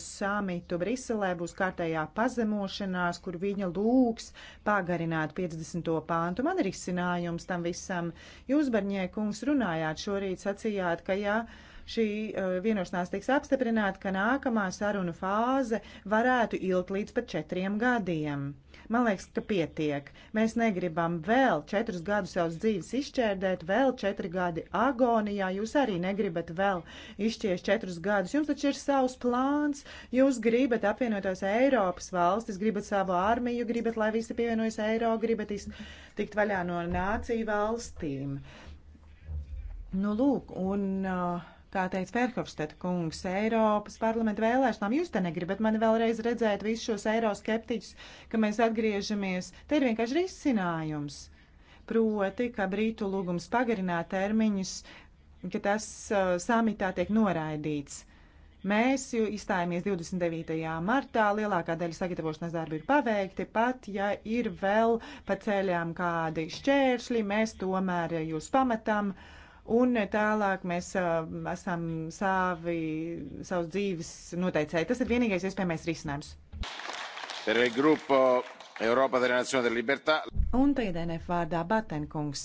samitu Briselē būs kārtējā pazemošanās, kur viņa lūgs pagarināt 50. pāntu. Man ir izcinājums tam visam. Jūs, Barņēkungs, runājāt šorīt, sacījāt, ka jā. Ja šī uh, vienošanās tiks apstiprināta, ka nākamā sarunu fāze varētu ilgt līdz pat četriem gadiem. Man liekas, ka pietiek. Mēs negribam vēl četrus gadus savas dzīves izšķērdēt, vēl četri gadi agonijā. Jūs arī negribat vēl izšķiest četrus gadus. Jums taču ir savs plāns. Jūs gribat apvienotos Eiropas valstis, gribat savu armiju, gribat, lai visi pievienojas Eiro, gribat tikt vaļā no nāciju valstīm. Nu, lūk, un uh, Kā teica Ferhofstad kungs, Eiropas parlamenta vēlēšanām jūs te negribat mani vēlreiz redzēt visus šos eiroskeptiķus, ka mēs atgriežamies. Te ir vienkārši risinājums. Proti, ka Brītu lūgums pagarināt termiņus, ka tas uh, samitā tiek noraidīts. Mēs izstājāmies 29. martā, lielākā daļa sagatavošanās darbi ir paveikti, pat ja ir vēl pa ceļām kādi šķēršļi, mēs tomēr jūs pamatam. Uh, Un tālāk mēs uh, esam savi, savus dzīves noteicēji. Tas ir vienīgais iespējamais risinājums. Un PDNF vārdā Batenkungs.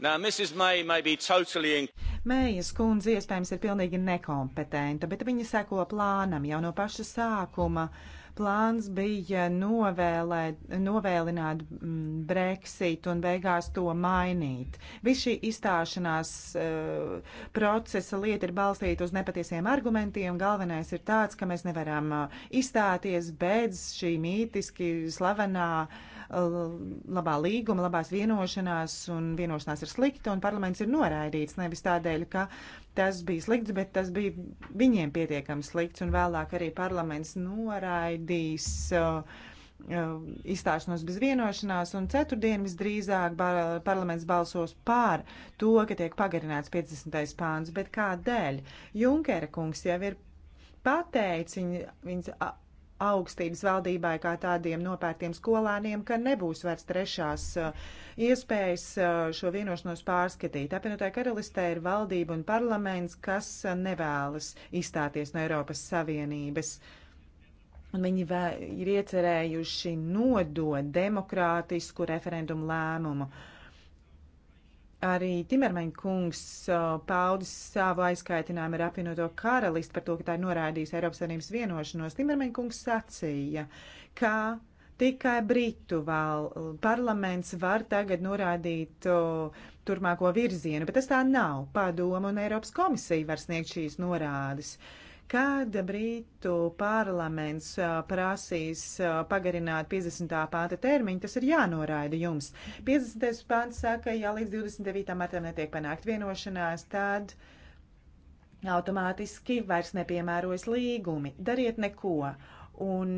Now, Mrs. May may be totally in... Mējas kundze iespējams ir pilnīgi nekompetenta, bet viņa seko plānam jau no paša sākuma. Uh, plāns bija novēlēt, novēlināt mm, Brexit un beigās to mainīt. Viss šī izstāšanās uh, procesa lieta ir balstīta uz nepatiesiem argumentiem. Galvenais ir tāds, ka mēs nevaram e, izstāties bez šī mītiski slavenā uh, Uh, labā līguma, labās vienošanās, un vienošanās ir slikta, un parlaments ir noraidīts nevis tādēļ, ka tas bija slikts, bet tas bija viņiem pietiekami slikts, un vēlāk arī parlaments noraidīs. Uh, uh izstāšanos bez vienošanās, un ceturtdien visdrīzāk bar, parlaments balsos pār to, ka tiek pagarināts 50. pāns, bet kādēļ? Junkera kungs jau ir pateicis, viņas augstības valdībai kā tādiem nopērtiem skolāniem, ka nebūs vairs trešās eh, iespējas eh, šo vienošanos pārskatīt. Apvienotāja karalistē ir valdība un parlaments, kas eh, nevēlas izstāties no Eiropas Savienības. Un viņi ir iecerējuši nodot demokrātisku referendumu lēmumu. Uh, Arī Timermaņa kungs paudis savu aizskaitinājumu ar apvienoto karalisti par to, ka tā ir noraidījusi Eiropas Savienības vienošanos. Timermaņa kungs sacīja, ka tikai Britu vēl parlaments var tagad norādīt turpmāko virzienu, bet tas tā nav. Padoma un Eiropas komisija var sniegt šīs norādes. Uh, Kad Brītu parlaments prasīs pagarināt 50. pānta termiņu, tas ir jānoraida jums. 50. pāns saka, ja līdz 29. martam netiek panākt vienošanās, tad automātiski vairs nepiemērojas līgumi. Dariet neko. Un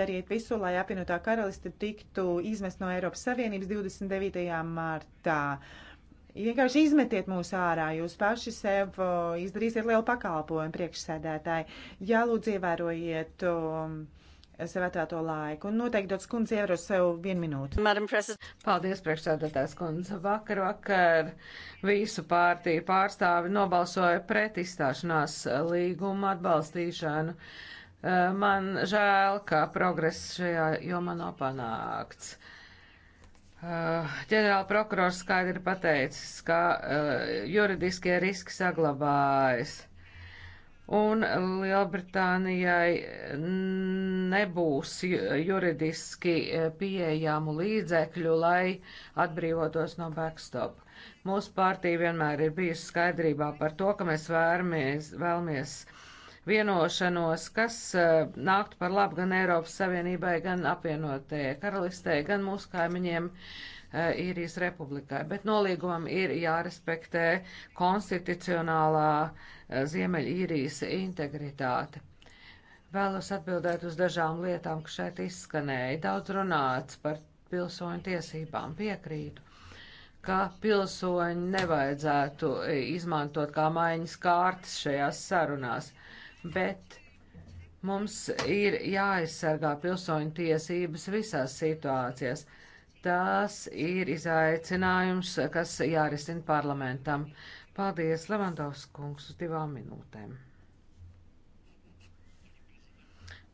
dariet visu, lai apvienotā karaliste tiktu izmest no Eiropas Savienības 29. martā. Uh, Vienkārši izmetiet mūs ārā, jūs paši sev izdarīsiet lielu pakalpojumu priekšsēdētāji. Jā, lūdzu, ievērojiet um, sev atvērto laiku un noteikti dod skundze eiro sev vienu minūtu. Paldies, priekšsēdētājs kundze. Vakar, vakar visu pārtīju pārstāvi nobalsoja pret izstāšanās līgumu atbalstīšanu. E, man žēl, ka progress šajā jomā nav panākts. Eh, Ģenerāla prokurors skaidri pateicis, ka eh, juridiskie riski saglabājas. Un Lielbritānijai nebūs juridiski eh, pieejamu līdzekļu, lai atbrīvotos no backstop. Mūsu partija vienmēr ir bijusi skaidrībā par to, ka mēs vēlamies, vēlamies uh, vienošanos, kas eh, nāktu par labu gan Eiropas Savienībai, gan apvienotajai karalistē, gan mūsu kaimiņiem. Eh, Īrijas republikai, bet nolīgumam ir jārespektē konstitucionālā eh, Ziemeļīrijas integritāte. Vēlos atbildēt uz dažām lietām, kas šeit izskanēja. Daudz runāts par pilsoņu tiesībām piekrītu, ka pilsoņi nevajadzētu izmantot kā maiņas kārtas šajās sarunās bet mums ir jāaizsargā pilsoņu tiesības visās situācijās. Tas ir izaicinājums, kas jārisina parlamentam. Paldies, Levandovs kungs, uz divām minūtēm.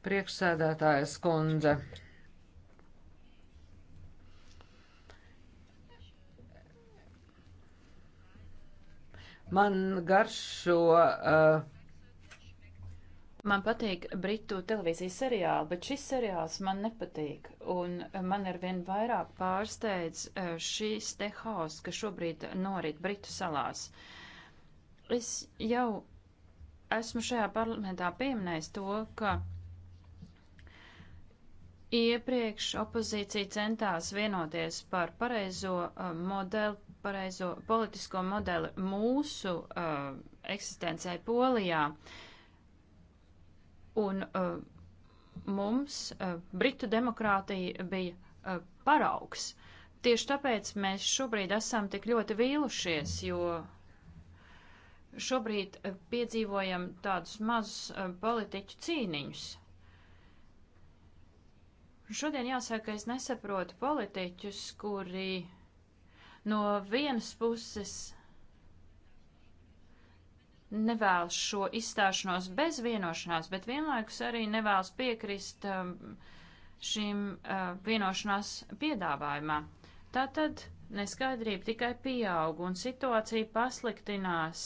Priekšsēdētājas kundze. Man garšo uh, Man patīk britu televīzijas seriāli, bet šis seriāls man nepatīk. Un man ar vien vairāk pārsteidz e, šīs te haos, kas šobrīd norit Britu salās. Es jau esmu šajā parlamentā pieminējis to, ka iepriekš opozīcija centās vienoties par pareizo e, modeli, pareizo politisko modeli mūsu uh, e, eksistencē Polijā. Uh, Un uh, mums uh, Britu demokrātija bija uh, paraugs. Tieši tāpēc mēs šobrīd esam tik ļoti vīlušies, jo šobrīd uh, piedzīvojam tādus mazus uh, politiķu cīniņus. Šodien jāsaka, ka es nesaprotu politiķus, kuri no vienas puses nevēlas šo izstāšanos bez vienošanās, bet vienlaikus arī nevēlas piekrist um, šim uh, vienošanās piedāvājumā. Tātad neskaidrība tikai pieaug un situācija pasliktinās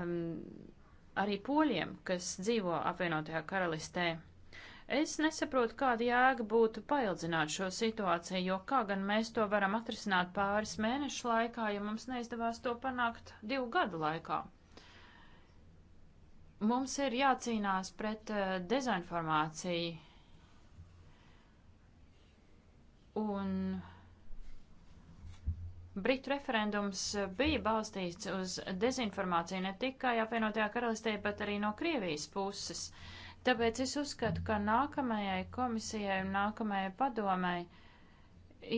um, arī poļiem, kas dzīvo apvienotajā karalistē. Es nesaprotu, kāda jēga būtu paildzināt šo situāciju, jo kā gan mēs to varam atrisināt pāris mēnešu laikā, ja mums neizdevās to panākt divu gadu laikā. Mums ir jācīnās pret uh, dezinformāciju. Un Britu referendums eh, bija balstīts uz dezinformāciju ne tikai apvienotajā karalistē, bet arī no Krievijas puses. Tāpēc es uzskatu, ka nākamajai komisijai un nākamajai padomai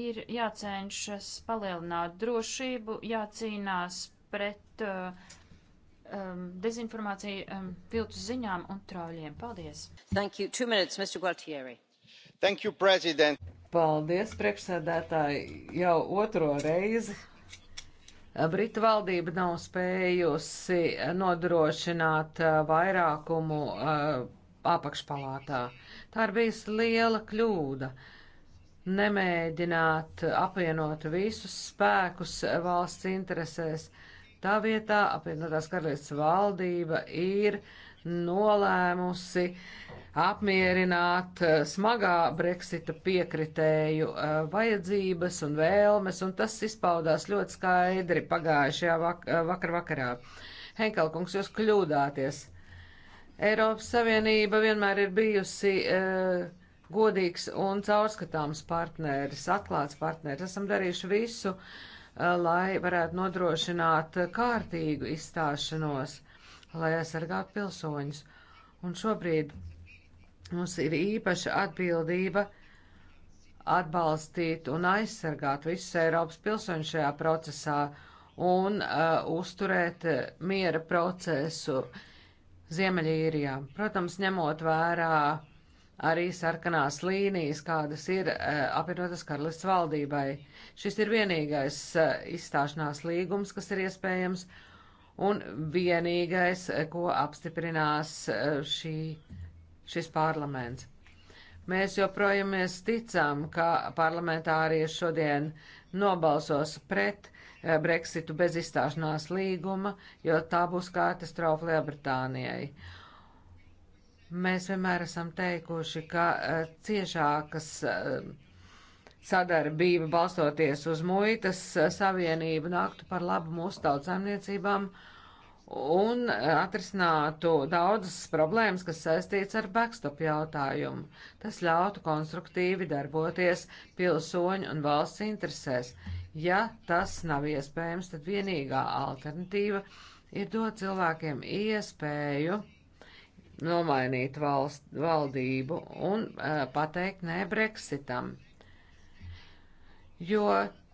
ir jācenšas palielināt drošību, jācīnās pret uh, um, dezinformāciju, um, viltus ziņām un trauļiem. Paldies! Thank you. Two minutes, Mr. Gualtieri. Thank you, President. Paldies, priekšsēdētāji, jau otro reizi. Britu valdība nav spējusi nodrošināt uh, vairākumu uh, apakšpalātā. Tā ir bijusi liela kļūda nemēģināt apvienot visus spēkus valsts interesēs. Uh, Tā vietā apvienotās karalists valdība ir nolēmusi apmierināt eh, smagā Brexita piekritēju eh, vajadzības un vēlmes, un tas izpaudās ļoti skaidri pagājušajā vak eh, vakar vakarā. Henkelkungs, jūs kļūdāties. Eiropas Savienība vienmēr ir bijusi uh, godīgs un caurskatāms partneris, atklāts partneris. Esam darījuši visu, uh, Eh, lai varētu nodrošināt kārtīgu izstāšanos, lai aizsargātu pilsoņus. Un šobrīd mums ir īpaša atbildība atbalstīt un aizsargāt visus Eiropas pilsoņus šajā procesā un uh, uzturēt miera procesu Ziemeļīrijā. Protams, ņemot vērā uh, arī sarkanās līnijas, kādas ir uh, apvienotas karalists valdībai. Šis ir vienīgais uh, izstāšanās līgums, kas ir iespējams, un vienīgais, eh, ko apstiprinās uh, šī, šis parlaments. Mēs joprojām ticam, ka parlamentārieši šodien nobalsos pret Brexitu bez izstāšanās līguma, jo tā būs katastrofa Lielbritānijai. Uh, Mēs vienmēr esam teikuši, ka uh, ciešākas uh, sadarbība balstoties uz muitas uh, savienību nāktu par labu mūsu tautsēmniecībām un atrisinātu daudzas problēmas, kas saistīts ar backstop jautājumu. Tas ļautu konstruktīvi darboties pilsoņu un valsts interesēs. Ja tas nav iespējams, tad vienīgā alternatīva ir dot cilvēkiem iespēju nomainīt valst, valdību un uh, pateikt nē Brexitam. Jo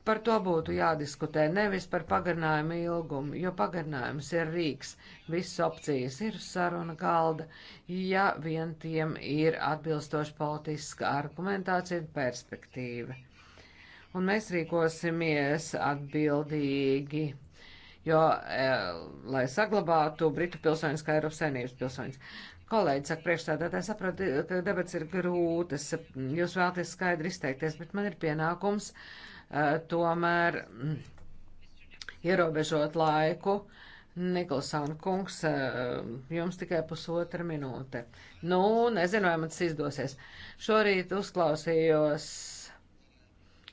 par to būtu jādiskutē, nevis par pagarinājumu ilgumu, jo pagarinājums ir rīks, visas opcijas ir saruna galda, ja vien tiem ir atbilstoši politiska argumentācija un perspektīva. Un mēs rīkosimies atbildīgi jo, e, lai saglabātu Britu pilsoņus kā Eiropas saimnības pilsoņus. Kolēģi, saka priekšstādātāji, saprotu, ka debats ir grūtas, jūs vēlaties skaidri izteikties, bet man ir pienākums uh, tomēr mm, ierobežot laiku. Nikolsāna kungs, uh, jums tikai pusotra minūte. Nu, nezinu, vai man tas izdosies. Šorīt uzklausījos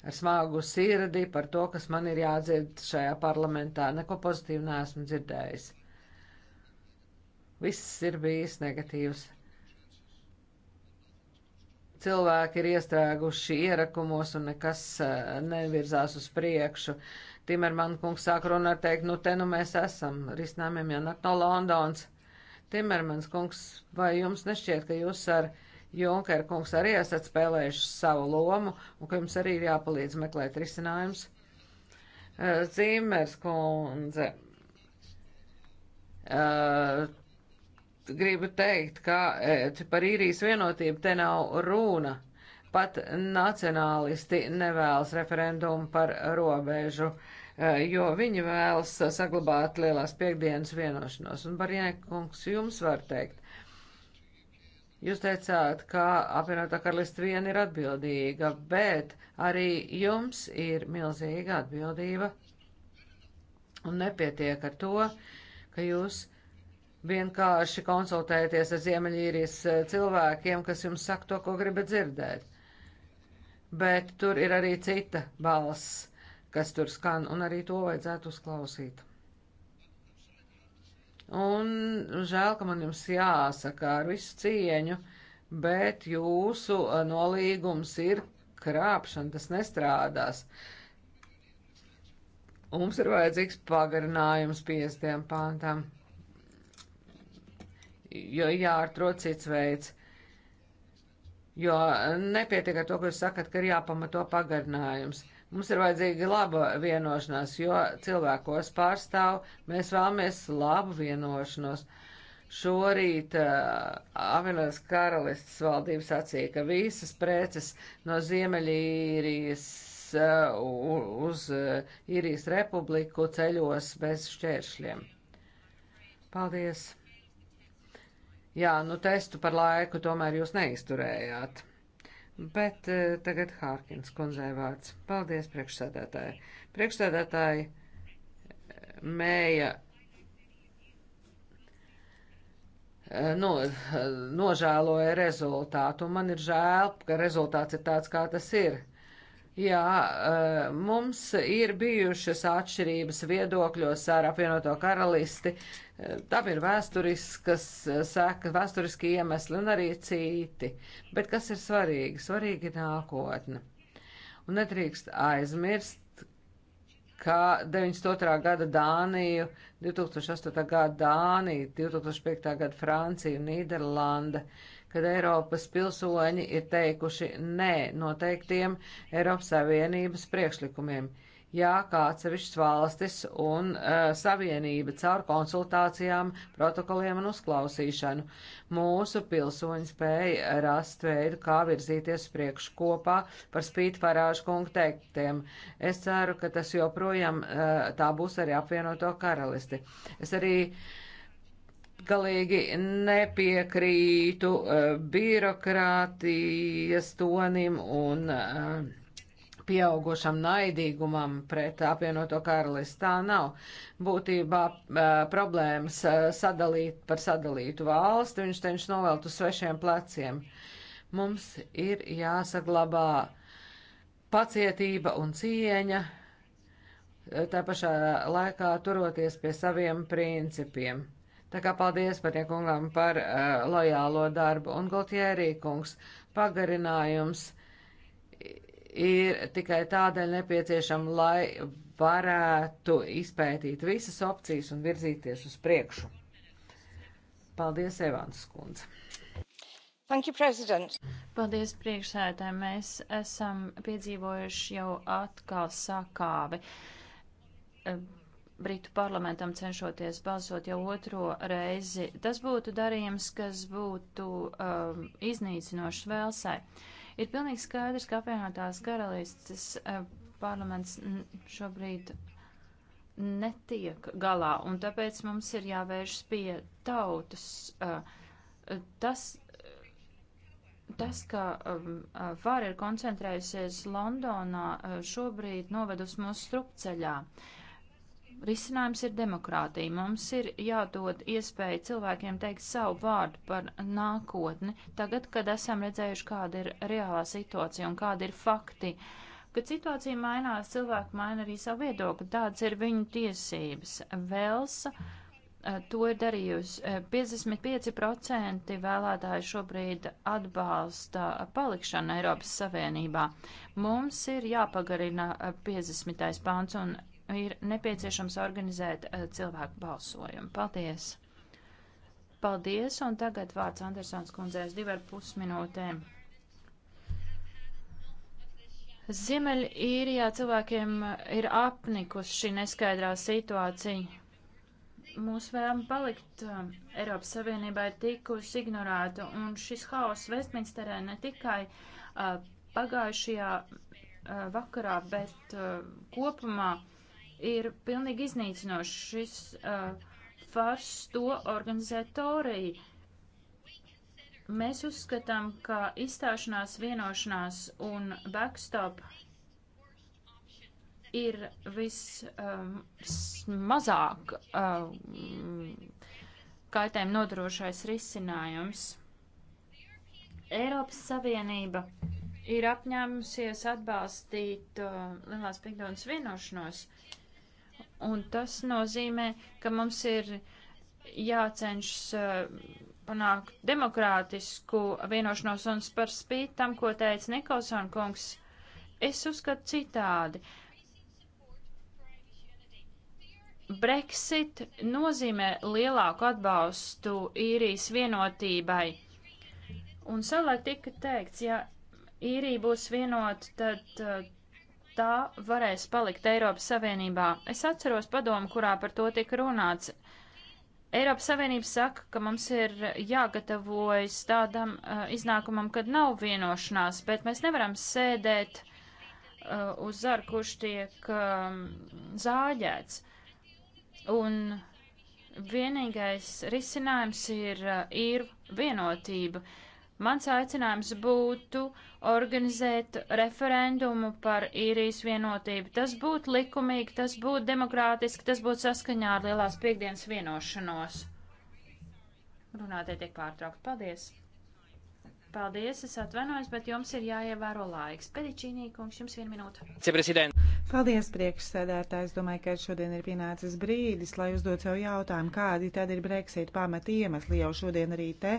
ar smagu sirdi par to, kas man ir jādzird šajā parlamentā. Neko pozitīvu neesmu dzirdējis. Viss ir bijis negatīvs. Cilvēki ir iestrēguši ierakumos un nekas eh, nevirzās uz priekšu. Timerman kungs sāk runāt teikt, nu te nu mēs esam, risinājumiem jānāk no Londons. Timermans kungs, vai jums nešķiet, ka jūs ar Junker kungs arī esat spēlējuši savu lomu un ka jums arī ir jāpalīdz meklēt risinājums. Eh, Zīmers kundze, eh, gribu teikt, ka eh, par īrijas vienotību te nav runa. Pat nacionālisti nevēlas referendumu par robežu, eh, jo viņi vēlas saglabāt lielās piekdienas vienošanos. Un, Barjēkungs, jums var teikt, Jūs teicāt, ka apvienotā karalista viena ir atbildīga, bet arī jums ir milzīga atbildība. Un nepietiek ar to, ka jūs vienkārši konsultēties ar Ziemeļīrijas eh, cilvēkiem, kas jums saka to, ko gribat dzirdēt. Bet tur ir arī cita balss, kas tur skan, un arī to vajadzētu uzklausīt. Un žēl, ka man jums jāsaka ar visu cieņu, bet jūsu eh, nolīgums ir krāpšana, tas nestrādās. Un mums ir vajadzīgs pagarinājums piestiem pāntām jo jāatrod cits veids. Jo nepietiek ar to, ka jūs sakat, ka ir jāpamato pagarinājums. Mums ir vajadzīga laba vienošanās, jo cilvēkos pārstāv, mēs vēlamies labu vienošanos. Šorīt uh, Avinas karalists valdības sacīja, ka visas preces no Ziemeļīrijas uh, uz uh, Īrijas republiku ceļos bez šķēršļiem. Paldies! Jā, nu testu par laiku tomēr jūs neizturējāt. Bet eh, tagad Hārkins kundzei vārds. Paldies, priekšsēdētāji. Priekšsēdētāji eh, mēja eh, no, eh, nožēloja rezultātu. Man ir žēl, ka rezultāts ir tāds, kā tas ir. Jā, eh, mums ir bijušas atšķirības viedokļos ar apvienoto karalisti. Eh, tam ir vēsturiskas eh, sēka, vēsturiski iemesli un arī citi. Bet kas ir svarīgi? Svarīgi ir nākotne. Un nedrīkst aizmirst, ka 92. gada Dāniju, 2008. gada Dānija, 2005. gada Francija un Nīderlanda. Uh, kad Eiropas pilsoņi ir teikuši nē noteiktiem Eiropas Savienības priekšlikumiem. Jā, kā atsevišķas valstis un uh, savienība caur konsultācijām, protokoliem un uzklausīšanu, mūsu pilsoņi spēja rast veidu, kā virzīties priekš kopā par spīti parāžu kungu teiktiem. Es ceru, ka tas joprojām uh, tā būs arī apvienoto karalisti. Es arī uh, galīgi nepiekrītu eh, birokrātijas tonim un eh, pieaugušam naidīgumam pret apvienoto karalisti. Tā nav. Būtībā eh, problēmas sadalīt par sadalītu valsti, viņš tenš novelt uz svešiem pleciem. Mums ir jāsaglabā pacietība un cieņa, tā pašā laikā turoties pie saviem principiem. Tā kā paldies par iekungām par uh, lojālo darbu. Un Gautierī kungs pagarinājums ir tikai tādēļ nepieciešama, lai varētu izpētīt visas opcijas un virzīties uz priekšu. Paldies, Evans kundze. Thank you, President. Paldies, priekšsēdētāji. Mēs esam piedzīvojuši jau atkal sakāvi. Uh, Britu parlamentam cenšoties balsot jau otro reizi. Tas būtu darījums, kas būtu um, iznīcinošs Velsai. Ir pilnīgi skaidrs, ka apvienotās karalistes uh, parlaments šobrīd netiek galā, un tāpēc mums ir jāvēršas pie tautas. Uh, tas, tas, ka um, vara ir koncentrējusies Londonā, uh, šobrīd novedus mūsu strupceļā. Uh, risinājums ir demokrātija. Mums ir jādod iespēja cilvēkiem teikt savu vārdu par nākotni, tagad, kad esam redzējuši, kāda ir reālā situācija un kāda ir fakti. Kad situācija mainās, cilvēki maina arī savu viedokli, tāds ir viņu tiesības. Velsa eh, to ir darījusi. 55% eh, vēlētāji šobrīd atbalsta palikšanu Eiropas Savienībā. Mums ir jāpagarina 50. Eh, pāns un ir nepieciešams organizēt eh, cilvēku balsojumu. Paldies! Paldies, un tagad vārds Andersons kundzēs divi ar pus minūtēm. Ziemeļīrijā cilvēkiem eh, ir apnikus šī neskaidrā situācija. Mūsu vēlme palikt eh, Eiropas Savienībā ir tikusi ignorēta, un šis haoss Vestminsterē ne tikai uh, pagājušajā uh, vakarā, bet uh, kopumā uh, ir pilnīgi iznīcinošs. Šis uh, fars to organizatorija. Mēs uzskatām, ka izstāšanās vienošanās un backstop ir vismazāk um, um, kaitēm nodrošais risinājums. Eiropas Savienība ir apņēmusies atbalstīt uh, Lielās Pigdonas vienošanos. Uh, Un tas nozīmē, ka mums ir jācenšas eh, panākt demokrātisku vienošanos un par spīt tam, ko teica Nikolson kungs. Es uzskatu citādi. Brexit nozīmē lielāku atbalstu īrijas vienotībai. Un savulaik tika teikts, ja īrija būs vienota, tad. tad eh, tā varēs palikt Eiropas Savienībā. Es atceros padomu, kurā par to tika runāts. Eiropas Savienība saka, ka mums ir jāgatavojas tādam uh, iznākumam, kad nav vienošanās, bet mēs nevaram sēdēt uh, uz zara, kurš tiek um, zāģēts. Un vienīgais risinājums ir uh, īru vienotība. Uh, Mans aicinājums būtu organizēt referendumu par īrijas vienotību. Tas būtu likumīgi, tas būtu demokrātiski, tas būtu saskaņā ar Lielās piekdienas vienošanos. Runātie tiek pārtraukt. Paldies! Paldies, es atvainojos, bet jums ir jāievēro laiks. Pedičīnī, kungs, jums viena minūte. Paldies, priekšsēdētāji. Es domāju, ka šodien ir pienācis brīdis, lai uzdot sev jautājumu, kādi tad ir Brexit pamati iemesli. Jau šodien arī te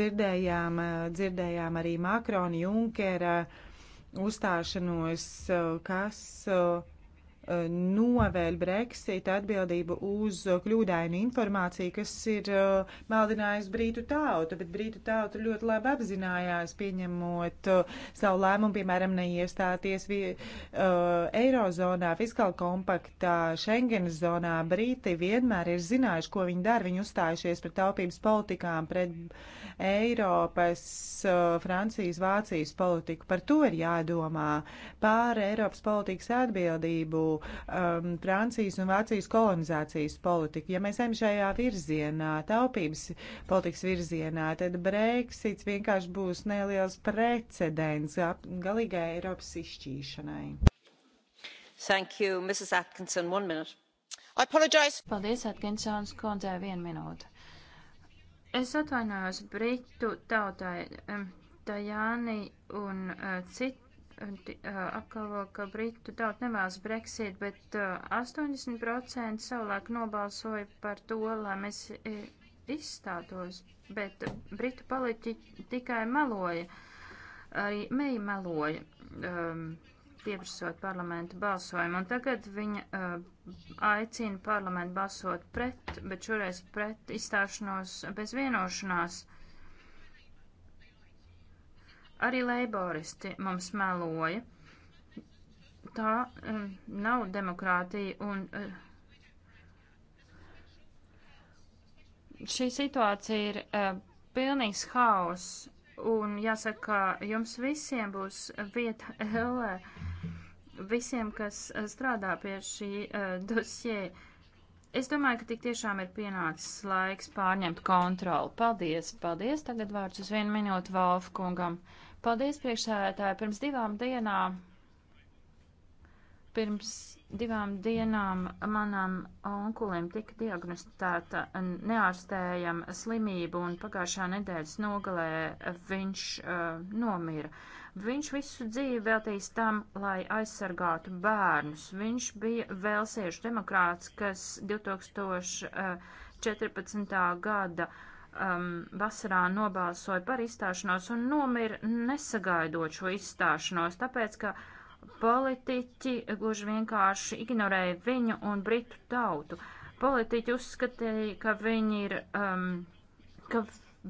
dzirdējām, dzirdējām arī Makrona Junkera uzstāšanos, kas novēļ Brexit atbildību uz kļūdainu informāciju, kas ir uh, maldinājusi Brītu tautu, bet Brītu tauta ļoti labi apzinājās, pieņemot uh, savu lēmumu, piemēram, neiestāties vi, uh, Eirozonā, fiskāla kompaktā, Schengenas zonā. Brīti vienmēr ir zinājuši, ko viņi dara. Viņi uzstājušies pret taupības politikām, pret Eiropas, uh, Francijas, Vācijas politiku. Par to ir jādomā. Pār Eiropas politikas atbildību um, Francijas un Vācijas kolonizācijas politiku. Ja mēs ejam šajā virzienā, taupības politikas virzienā, tad Brexits vienkārši būs neliels precedents galīgai Eiropas izšķīšanai. Thank you, Mrs. Atkinson, one minute. I apologize. Paldies, Atkinsons, kundzei, vienu minūtu. Es atvainojos Britu tautai, um, Tajāni un uh, citu apgalvo, ka Britu tauta nevēlas Brexit, bet 80% savulaik nobalsoja par to, lai mēs izstātos, bet Britu politiķi tikai meloja, arī Meija meloja, um, pieprasot parlamentu balsojumu, un tagad viņa uh, aicina parlamentu balsot pret, bet šoreiz pret izstāšanos bez vienošanās. Uh, Arī leiboristi mums meloja. Tā um, nav demokrātija un. Uh, Šī situācija ir uh, pilnīgs haoss, un jāsaka, ka jums visiem būs vieta Ellē, visiem, kas strādā pie šī uh, dosie. Es domāju, ka tik tiešām ir pienācis laiks pārņemt kontroli. Paldies, paldies. Tagad vārds uz vienu minūtu Valfa kungam. Paldies, priekšsēdētāji. Pirms divām dienām, pirms divām dienām manam onkulim tika diagnosticēta neārstējama slimība, un pagājušā nedēļas nogalē viņš uh, nomira. Viņš visu dzīvi veltīs tam, lai aizsargātu bērnus. Viņš bija vēlsiešu demokrāts, kas 2014. gada uh, um, vasarā nobalsoja par izstāšanos un nomira nesagaidot šo izstāšanos, tāpēc, ka politiķi gluži vienkārši ignorēja viņu un britu tautu. Politiķi uzskatīja, ka viņi ir, um, ka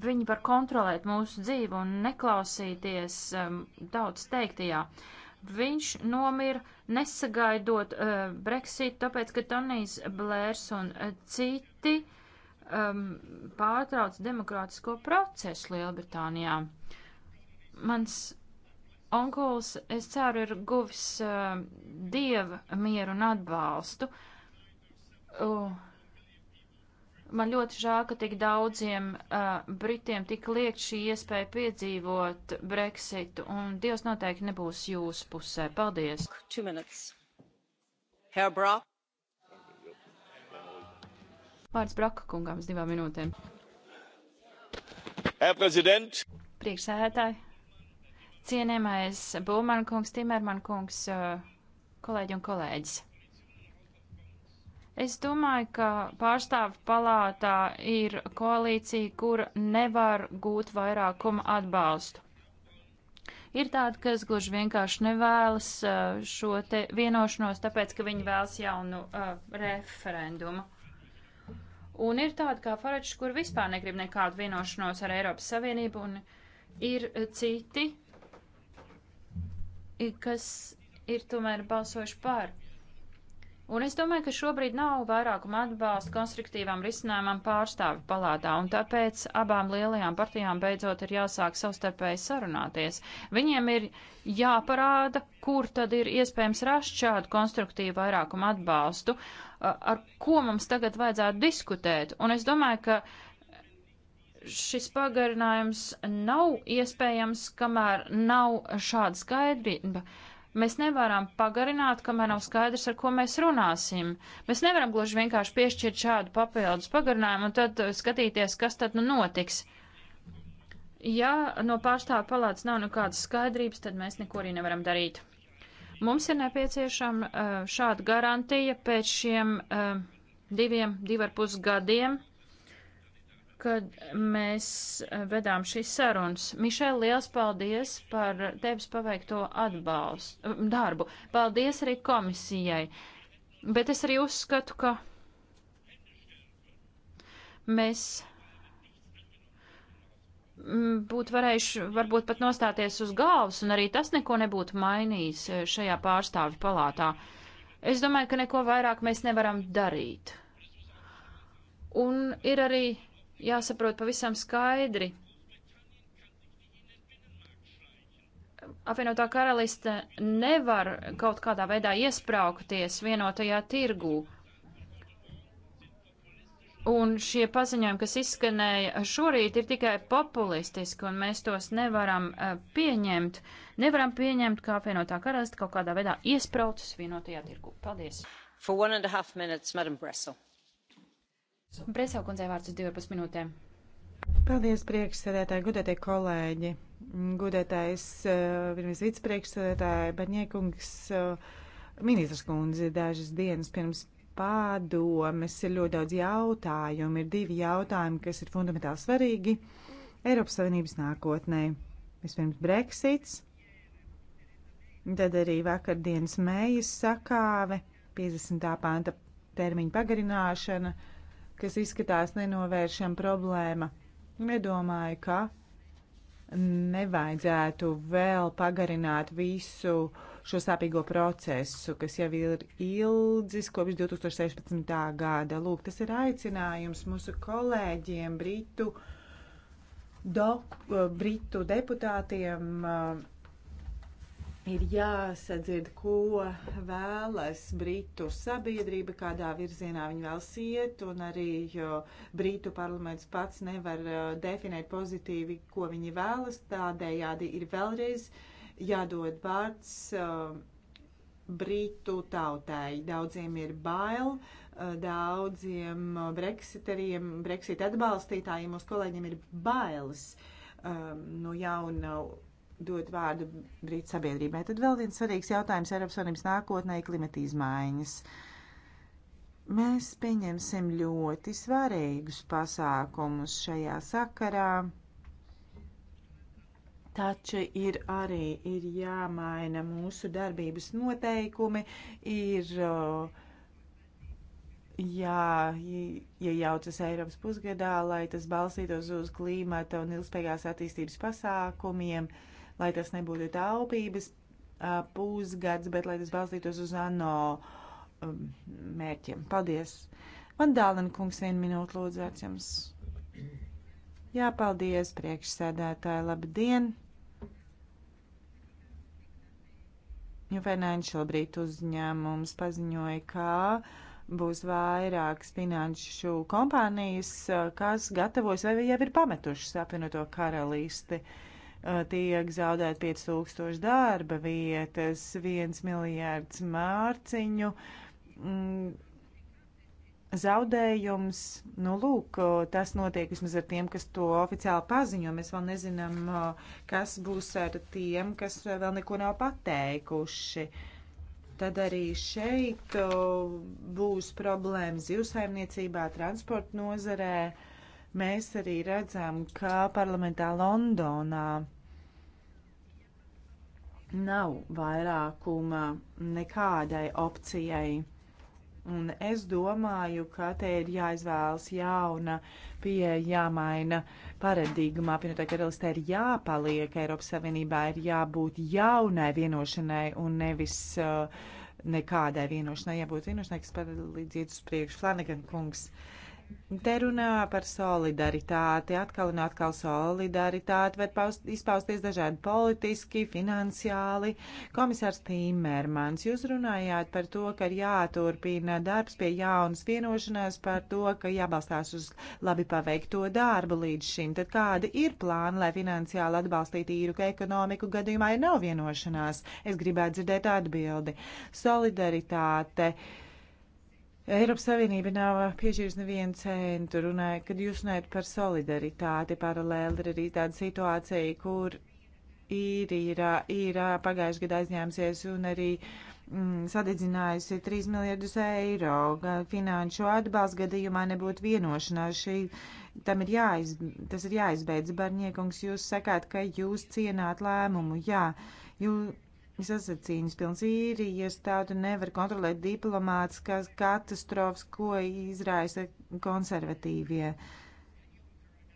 viņi var kontrolēt mūsu dzīvi un neklausīties um, daudz teiktajā. Viņš nomira nesagaidot uh, Brexit, tāpēc, ka Tonijs Blērs un uh, citi uh, um, pārtrauc demokrātisko procesu Lielbritānijā. Mans onkulis, es ceru, ir guvis uh, dieva mieru un atbalstu. Uh, man ļoti žēl, ka tik daudziem uh, Britiem tika liekt šī iespēja piedzīvot Brexitu, un Dievs noteikti nebūs jūsu pusē. Paldies! Herr Brock. Vārds Braka kungām uz divām minūtēm. Herr Präsident! Priekšsēdētāji, cienījamais Būman kungs, Timerman kungs, eh, kolēģi un kolēģis. Es domāju, ka pārstāvu palātā ir koalīcija, kur nevar gūt vairākuma atbalstu. Ir tādi, kas gluži vienkārši nevēlas eh, šo te vienošanos, tāpēc, ka viņi vēlas jaunu uh, referendumu. Un ir tāda kā Faračs, kur vispār negrib nekādu vienošanos ar Eiropas Savienību, un ir eh, citi, kas ir tomēr balsojuši par. Un es domāju, ka šobrīd nav vairākuma atbalsta konstruktīvām risinājumam pārstāvi palātā, un tāpēc abām lielajām partijām beidzot ir jāsāk savstarpēji sarunāties. Viņiem ir jāparāda, kur tad ir iespējams rast šādu konstruktīvu vairākumu atbalstu, ar ko mums tagad vajadzētu diskutēt. Un es domāju, ka šis pagarinājums nav iespējams, kamēr nav šāda skaidrība. Mēs nevaram pagarināt, kamēr nav skaidrs, ar ko mēs runāsim. Mēs nevaram gluži vienkārši piešķirt šādu papildus pagarinājumu un tad uh, skatīties, kas tad nu notiks. Ja no pārstāvja palātas nav nekādas nu skaidrības, tad mēs neko arī nevaram darīt. Mums ir nepieciešama uh, šāda garantija pēc šiem uh, diviem, divarpus gadiem, kad mēs uh, vedām šīs sarunas. Mišēl, liels paldies par tevis paveikto atbalstu, darbu. Paldies arī komisijai. Bet es arī uzskatu, ka mēs Mm, būtu varējuši varbūt pat nostāties uz galvas, un arī tas neko nebūtu mainījis eh, šajā pārstāvi palātā. Es domāju, ka neko vairāk mēs nevaram darīt. Un ir arī jāsaprot pavisam skaidri. Apvienotā karaliste nevar kaut kādā veidā iesprāgties vienotajā tirgū. Un šie paziņojumi, kas izskanēja šorīt, ir tikai populistiski, un mēs tos nevaram uh, pieņemt. Nevaram pieņemt, kā apvienotā karalista kaut kādā veidā iespraucas vienotajā tirgu. Paldies! Minutes, Breso. Breso kundzei vārds uz 12 minūtēm. Paldies, priekšsēdētāji, gudētie kolēģi, gudētais uh, eh, pirms vicepriekšsēdētāji, bet niekungs. Uh, eh, Ministrs kundze dažas dienas pirms padomes ir ļoti daudz jautājumu. Ir divi jautājumi, kas ir fundamentāli svarīgi Eiropas Savienības nākotnē. Vispirms Brexits, tad arī vakardienas mējas sakāve, 50. panta termiņa pagarināšana, kas izskatās nenovēršama problēma. Nedomāju, ka nevajadzētu vēl pagarināt visu uh, šo sāpīgo procesu, kas jau ir ilgs kopš 2016. gada. Lūk, tas ir aicinājums mūsu kolēģiem, britu, do, eh, britu deputātiem. Eh, ir jāsadzird, ko vēlas Britu sabiedrība, kādā virzienā viņi vēlas iet, un arī Britu parlaments pats nevar eh, definēt pozitīvi, ko viņi vēlas. Tādējādi ir vēlreiz uh, jādod vārds uh, Britu tautai. Daudziem ir bail, uh, daudziem uh, breksitariem, brexit atbalstītājiem, mūsu kolēģiem ir bailes um, no jauna dot vārdu Britu sabiedrībai. Tad vēl viens svarīgs jautājums Eiropas Savienības nākotnē - klimata izmaiņas. Mēs pieņemsim ļoti svarīgus pasākumus šajā sakarā. Taču ir arī ir jāmaina mūsu darbības noteikumi, ir uh, jāiejaucas ja Eiropas pusgadā, lai tas balstītos uz klimata un ilgspējīgās attīstības pasākumiem, lai tas nebūtu taupības uh, pusgads, bet lai tas balstītos uz ANO um, mērķiem. Paldies! Man dālina kungs vienu minūtu lūdzu vērts jums. Jā, paldies priekšsēdētāji, labdien! Financial Brit uzņēmums paziņoja, ka būs vairākas finanšu kompānijas, eh, kas gatavojas vai jau ir pametušas apvienoto karalisti. Eh, tiek zaudēt 5000 darba vietas, 1 miljārds mārciņu. Mm zaudējums, nu lūk, tas notiek vismaz ar tiem, kas to oficiāli paziņo. Mēs vēl nezinām, kas būs ar tiem, kas vēl neko nav pateikuši. Tad arī šeit būs problēmas zivsaimniecībā, transporta nozarē. Mēs arī redzam, ka parlamentā Londonā nav vairākuma nekādai opcijai Un es domāju, ka te ir jāizvēlas jauna pieeja, jāmaina paradigma. Apvienotā karalistē ir jāpaliek Eiropas Savienībā, ir jābūt jaunai vienošanai un nevis uh, nekādai vienošanai, jābūt vienošanai, kas palīdzētu uz priekšu. Flanagan kungs, Te runā par solidaritāti, atkal un atkal solidaritāti var paust, izpausties dažādi politiski, finansiāli. Komisārs Timermans, jūs runājāt par to, ka ir jāturpina darbs pie jaunas vienošanās par to, ka jābalstās uz labi paveikto darbu līdz šim. Tad kādi ir plāni, lai finansiāli atbalstītu īru ekonomiku gadījumā, ja nav vienošanās? Es gribētu dzirdēt atbildi. Solidaritāte. Uh, Eiropas Savienība nav piešķīrusi nevienu centu. Runāja, kad jūs runājat par solidaritāti, paralēli ir arī tāda situācija, kur īrija ir pagājušajā gadā aizņēmusies un arī mm, sadedzinājusi 3 miljardus eiro. Finanšu atbalsta gadījumā nebūtu vienošanās. Šī, tam ir jāiz, tas ir jāizbeidz, Barņiekungs. Jūs sakāt, ka jūs cienāt lēmumu. Jā, jūs Sasat cīņas pilns īrijas tādu nevar kontrolēt diplomātiskās katastrofas, ko izraisa konservatīvie.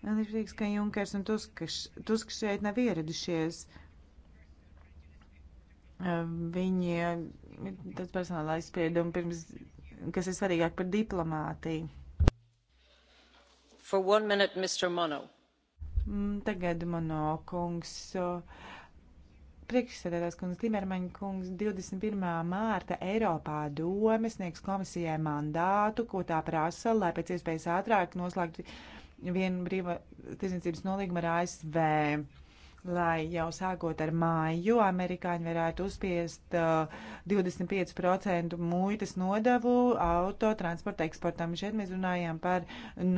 Man ir prieks, ka Junkers un Tusk šeit nav ieradušies. Ehm, viņi tad personāla aizspiedumi pirms, kas ir svarīgāk par diplomātiju. For one minute, Mr. Mono. Mm, tagad Mono kungs. Uh, Priekšsēdētājs kungs Timermaņa kungs 21. mārta Eiropā dome sniegs komisijai mandātu, ko tā prasa, lai pēc iespējas ātrāk noslēgtu vienu brīvo tirzniecības nolīgumu ar ASV, lai jau sākot ar māju amerikāņi varētu uzspiest uh, 25% muitas nodevu autotransporta eksportam. Šeit mēs runājām par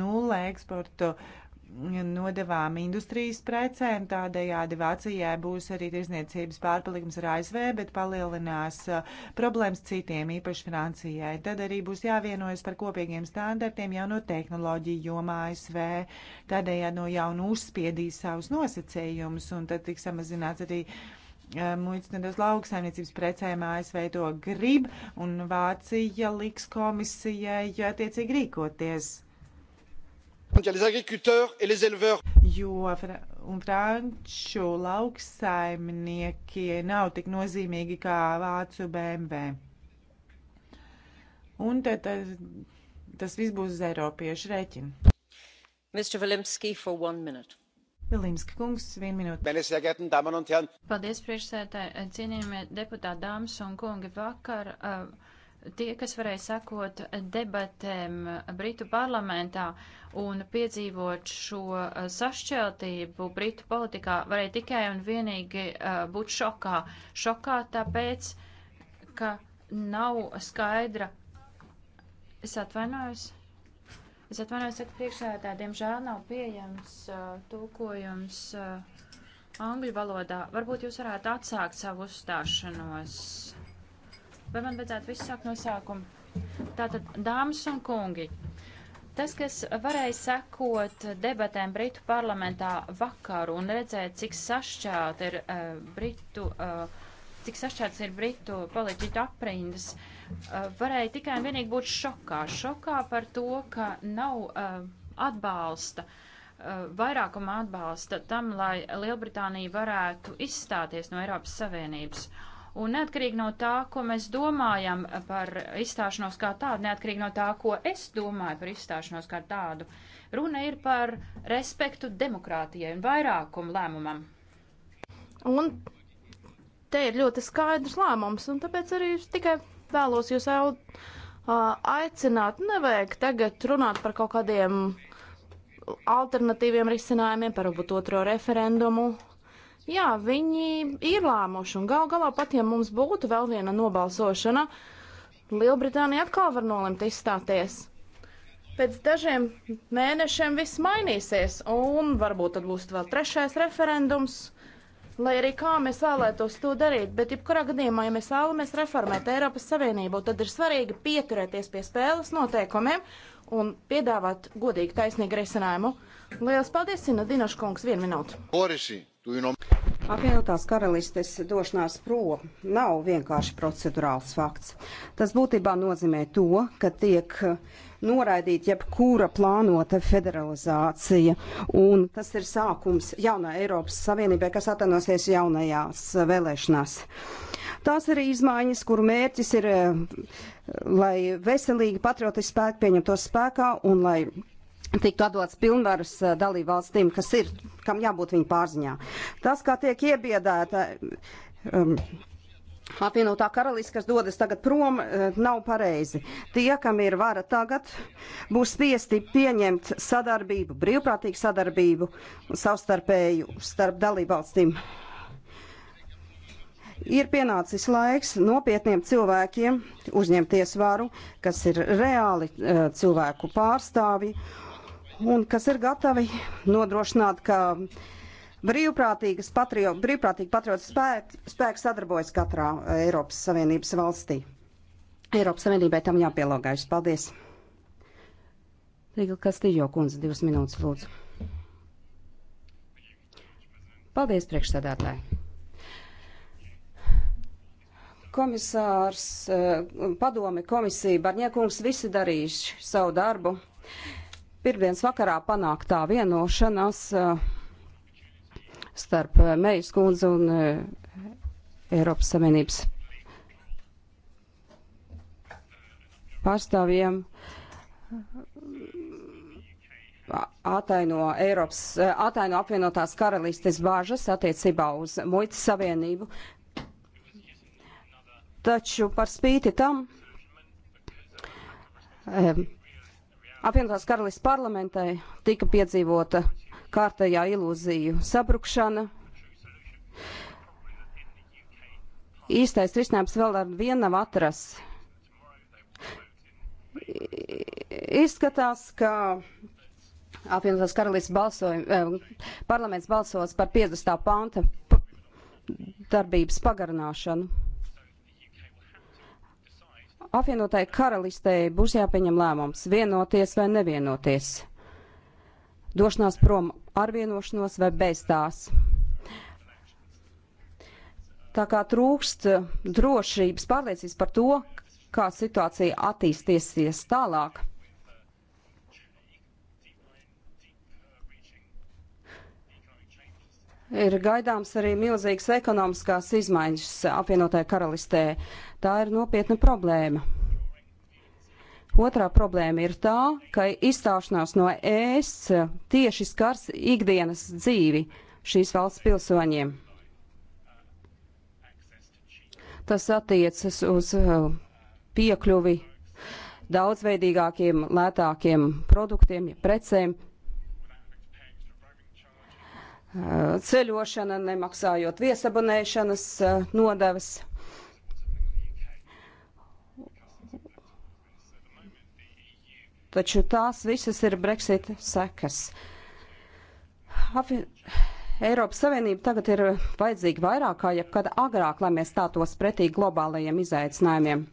nulle eksportu. Uh, nodevām industrijas precēm, tādējādi Vācijai būs arī tirzniecības pārpalikums ar ASV, bet palielinās uh, problēmas citiem, īpaši Francijai. Tad arī būs jāvienojas par kopīgiem standartiem jauno tehnoloģiju jomā ASV, tādējādi no jaunu uzspiedīs savus nosacējumus, un tad tiks samazināts arī uh, muitas nedaudz lauksaimniecības precēm ASV to grib, un Vācija liks komisijai attiecīgi rīkoties. Jo fra un franču lauksaimnieki nav tik nozīmīgi kā vācu BMW. Un tad, tad tas viss būs uz Eiropiešu rēķina. Mr. Vilimski, for one minute. Vilimska kungs, vienu minūti. Paldies, priekšsētāji, cienījamie deputāti, dāmas un kungi. Vakar uh, tie, kas varēja sekot debatēm Britu parlamentā un piedzīvot šo uh, sašķeltību Britu politikā, varēja tikai un vienīgi uh, būt šokā. Šokā tāpēc, ka nav skaidra. Es atvainojos. Es atvainojos, ka priekšsēdētā diemžēl nav pieejams uh, tulkojums uh, angļu valodā. Varbūt jūs varētu atsākt savu uzstāšanos. Vai man vajadzētu visu sākt no sākuma? Tātad, dāmas un kungi, tas, kas varēja sekot debatēm Britu parlamentā vakar un redzēt, cik sašķēta ir uh, Britu. Uh, cik sašķēts ir Britu politiķu aprindas, uh, varēja tikai un vienīgi būt šokā. Šokā par to, ka nav uh, atbalsta, uh, vairākuma atbalsta tam, lai Lielbritānija varētu izstāties no Eiropas Savienības. Uh, Un neatkarīgi no tā, ko mēs domājam par izstāšanos kā tādu, neatkarīgi no tā, ko es domāju par izstāšanos kā tādu, runa ir par respektu demokrātijai un vairākumu lēmumam. Un te ir ļoti skaidrs lēmums, un tāpēc arī tikai vēlos jūs jau uh, aicināt, nevajag tagad runāt par kaut kādiem alternatīviem risinājumiem, par varbūt otro referendumu Jā, viņi ir lēmuši, un gal galā pat, ja mums būtu vēl viena nobalsošana, Lielbritānija atkal var nolemt izstāties. Pēc dažiem mēnešiem viss mainīsies, un varbūt tad būs vēl trešais referendums, lai arī kā mēs vēlētos to darīt. Bet, jebkurā gadījumā, ja mēs vēlamies reformēt Eiropas Savienību, tad ir svarīgi pieturēties pie spēles noteikumiem un piedāvāt godīgi taisnīgu risinājumu. Lielas paldies, Sina Dinaškungs, vienu minūtu. Borisi. Apvienotās karalistes došanās prom nav vienkārši procedurāls fakts. Tas būtībā nozīmē to, ka tiek uh, noraidīta jebkura plānota federalizācija, un tas ir sākums jaunā Eiropas Savienībai, kas attenosies jaunajās vēlēšanās. Tās ir izmaiņas, kuru mērķis ir, uh, lai veselīgi patriotiski spēki pieņemtos spēkā un lai tiktu atdots pilnvaras eh, dalību valstīm, kas ir, kam jābūt viņa pārziņā. Tas, kā tiek iebiedēta. Um, Apvienotā karalists, kas dodas tagad prom, eh, nav pareizi. Tie, kam ir vara tagad, būs spiesti pieņemt sadarbību, brīvprātīgu sadarbību savstarpēju starp dalībvalstīm. Ir pienācis laiks nopietniem cilvēkiem uzņemties varu, kas ir reāli eh, cilvēku pārstāvi un kas ir gatavi nodrošināt, ka brīvprātīgas patrio, brīvprātīgi patriotu spēki, spēki sadarbojas katrā Eiropas Savienības valstī. Eiropas Savienībai tam jāpielāgājas. Paldies! Rīga Kastīļo kundze, divas minūtes lūdzu. Paldies, priekšsēdētāji! Komisārs, eh, padome, komisija, Barņiekungs visi darījuši savu darbu pirmdienas vakarā panāktā vienošanās eh, starp eh, Mejas kundzi un eh, Eiropas Savienības pārstāvjiem ataino Eiropas, ataino apvienotās karalistes bāžas attiecībā uz muitas savienību. Taču par spīti tam apvienotās karalists parlamentai tika piedzīvota kārtējā ilūziju sabrukšana. Īstais risinājums vēl ar vienu nav atrasts. Izskatās, ka apvienotās karalists balsoja, eh, parlaments balsos par 50. panta darbības pagarināšanu apvienotai karalistei būs jāpieņem lēmums vienoties vai nevienoties. Došanās prom ar vienošanos vai bez tās. Tā kā trūkst drošības pārliecības par to, kā situācija attīstīsies tālāk. ir gaidāms arī milzīgas ekonomiskās izmaiņas apvienotajā karalistē. Tā ir nopietna problēma. Otrā problēma ir tā, ka izstāšanās no ēs tieši skars ikdienas dzīvi šīs valsts pilsoņiem. Tas attiecas uz uh, piekļuvi daudzveidīgākiem, lētākiem produktiem, precēm, Eh, ceļošana, nemaksājot viesabonēšanas eh, nodevas. Taču tās visas ir Brexit sekas. Afi Eiropas Savienība tagad ir vajadzīga vairāk kā jebkad agrāk, lai mēs stātos pretī globālajiem izaicinājumiem.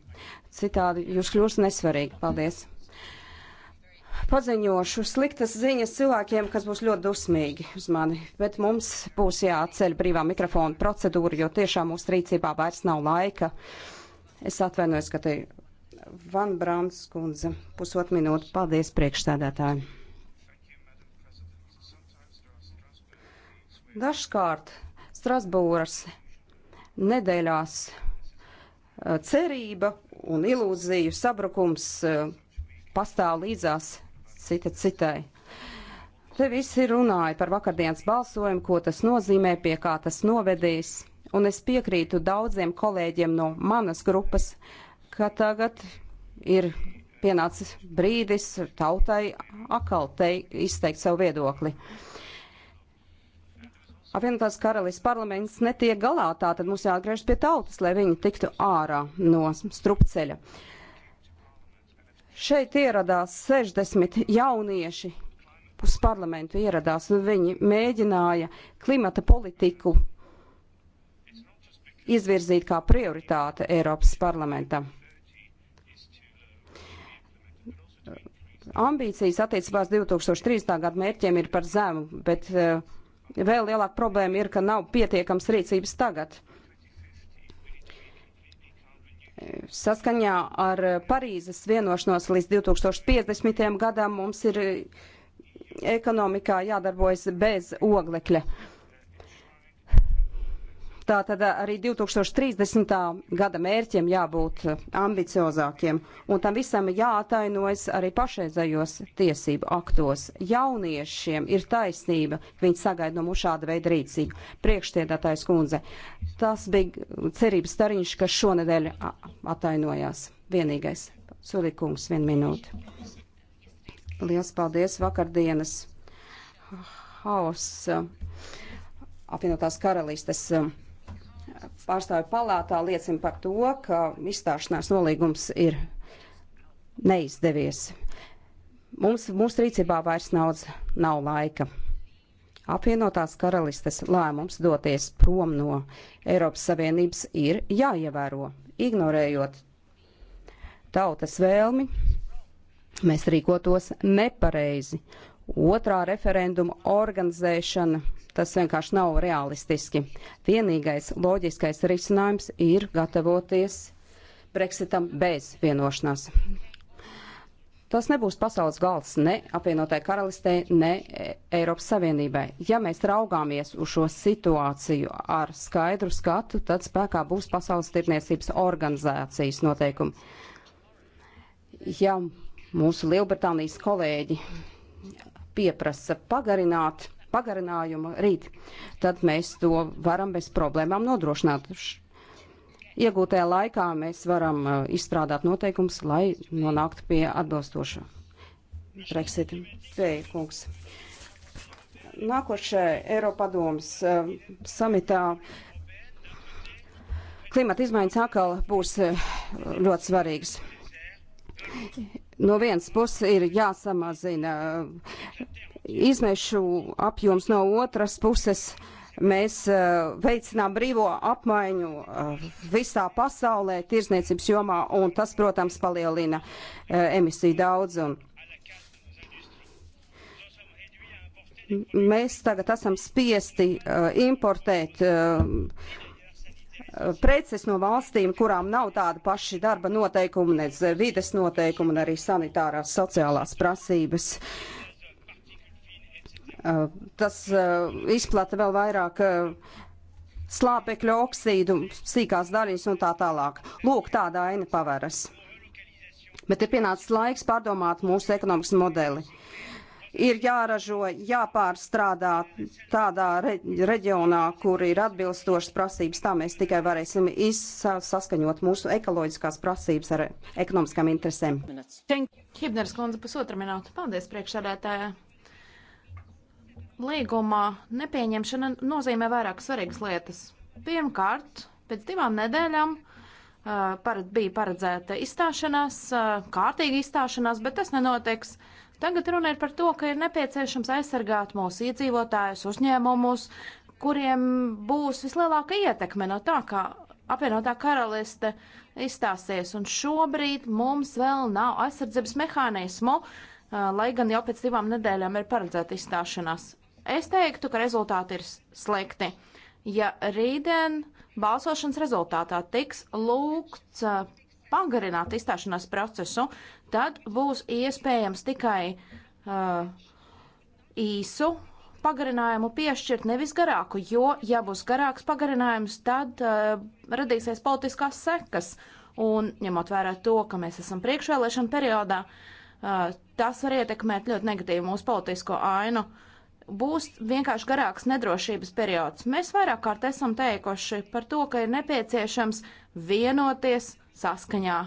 Citādi jūs kļūs nesvarīgi. Paldies! paziņošu sliktas ziņas cilvēkiem, kas būs ļoti dusmīgi uz mani, bet mums būs jāceļ brīvā mikrofona procedūra, jo tiešām mūsu rīcībā vairs nav laika. Es atvainojos, ka te Van Brāns kundze pusot minūte. Paldies priekšstādātāji. Dažkārt Strasbūras nedēļās eh, cerība un ilūziju sabrukums eh, pastāv līdzās cita citai. Te visi runāja par vakardienas balsojumu, ko tas nozīmē, pie kā tas novedīs, un es piekrītu daudziem kolēģiem no manas grupas, ka tagad ir pienācis brīdis tautai akal te izteikt savu viedokli. Apvienotās karalīs parlaments netiek galā, tā tad mums jāatgriežas pie tautas, lai viņi tiktu ārā no strupceļa. Uh, Šeit ieradās 60 jaunieši uz parlamentu ieradās, un viņi mēģināja klimata politiku izvirzīt kā prioritāte Eiropas parlamentam. Ambīcijas attiecībās 2030. gadu mērķiem ir par zemu, bet eh, vēl lielāka problēma ir, ka nav pietiekams rīcības tagad. Saskaņā ar Parīzes vienošanos līdz 2050. gadam mums ir ekonomikā jādarbojas bez oglekļa. Uh, Tātad arī 2030. gada mērķiem jābūt ambiciozākiem, un tam visam jāatainojas arī pašreizējos tiesību aktos. Jauniešiem ir taisnība, viņi sagaida no mums šāda veida rīcību. Priekšstiedātājs kundze, tas bija cerības stariņš, kas šonedēļ atainojās. Vienīgais. Sulikums, vien minūte. Lielas paldies vakardienas haosa apvienotās karalistes. Uh, pārstāvju palātā liecina par to, ka izstāšanās nolīgums ir neizdevies. Mums, mums rīcībā vairs naudas nav laika. Apvienotās karalistes lēmums doties prom no Eiropas Savienības ir jāievēro, ignorējot tautas vēlmi. Mēs rīkotos nepareizi. Otrā referenduma organizēšana Tas vienkārši nav realistiski. Vienīgais loģiskais risinājums ir gatavoties Brexitam bez vienošanās. Tas nebūs pasaules gals ne apvienotai karalistē, ne Eiropas Savienībai. Ja mēs raugāmies uz šo situāciju ar skaidru skatu, tad spēkā būs pasaules tirniecības organizācijas noteikumi. Ja mūsu Lielbritānijas kolēģi pieprasa pagarināt pagarinājumu rīt, tad mēs to varam bez problēmām nodrošināt. Iegūtajā laikā mēs varam uh, izstrādāt noteikums, lai nonāktu pie atbilstoša Brexit. Teikums. Nākošajā Eiropadomas uh, samitā klimata izmaiņas atkal būs uh, ļoti svarīgas. No vienas puses ir jāsamazina izmešu apjoms no otras puses. Mēs uh, veicinām brīvo apmaiņu uh, visā pasaulē, tirsniecības jomā, un tas, protams, palielina uh, emisiju daudzumu. Mēs tagad esam spiesti uh, importēt uh, preces no valstīm, kurām nav tāda paša darba noteikuma, nec vides noteikuma, un arī sanitārās sociālās prasības. Uh, Eh, tas eh, izplata vēl vairāk eh, slāpekļa oksīdu, sīkās daļas un tā tālāk. Lūk, tāda aina paveras. Bet ir pienācis laiks pārdomāt mūsu ekonomikas modeli. Ir jāražo, jāpārstrādā tādā re reģionā, kur ir atbilstošas prasības. Tā mēs tikai varēsim saskaņot mūsu ekoloģiskās prasības ar ekonomiskām interesēm. Hibners kundze pusotra minūte. Paldies priekšsādātājai līguma nepieņemšana nozīmē vairāk svarīgas lietas. Pirmkārt, pēc divām nedēļām uh, pared, bija paredzēta izstāšanās, uh, kārtīga izstāšanās, bet tas nenotiks. Tagad runa ir par to, ka ir nepieciešams aizsargāt mūsu iedzīvotājus, uzņēmumus, kuriem būs vislielākā ietekme no tā, kā apvienotā karaliste izstāsies. Un šobrīd mums vēl nav aizsardzības mehānismu, uh, lai gan jau pēc divām nedēļām ir paredzēta izstāšanās. Es teiktu, ka rezultāti ir slikti. Ja rītdien balsošanas rezultātā tiks lūgts pagarināt izstāšanās procesu, tad būs iespējams tikai uh, īsu pagarinājumu piešķirt, nevis garāku, jo, ja būs garāks pagarinājums, tad uh, radīsies politiskās sekas. Un, ņemot vērā to, ka mēs esam priekšvēlēšana periodā, uh, tas var ietekmēt ļoti negatīvi mūsu politisko ainu. Uh, būs vienkārši garāks nedrošības periods. Mēs vairāk kārt esam teikuši par to, ka ir nepieciešams vienoties saskaņā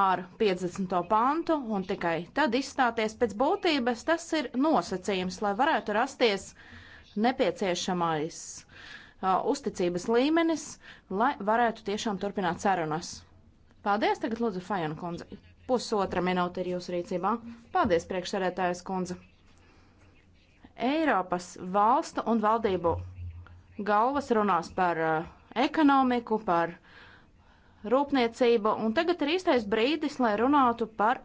ar 50. pantu un tikai tad izstāties pēc būtības. Tas ir nosacījums, lai varētu rasties nepieciešamais uh, uzticības līmenis, lai varētu tiešām turpināt sarunas. Paldies, tagad lūdzu Fajana kundze. Pusotra minūte ir jūsu rīcībā. Paldies, priekšsarētājas kundze. Eiropas valstu un valdību galvas runās par uh, ekonomiku, par rūpniecību, un tagad ir īstais brīdis, lai runātu par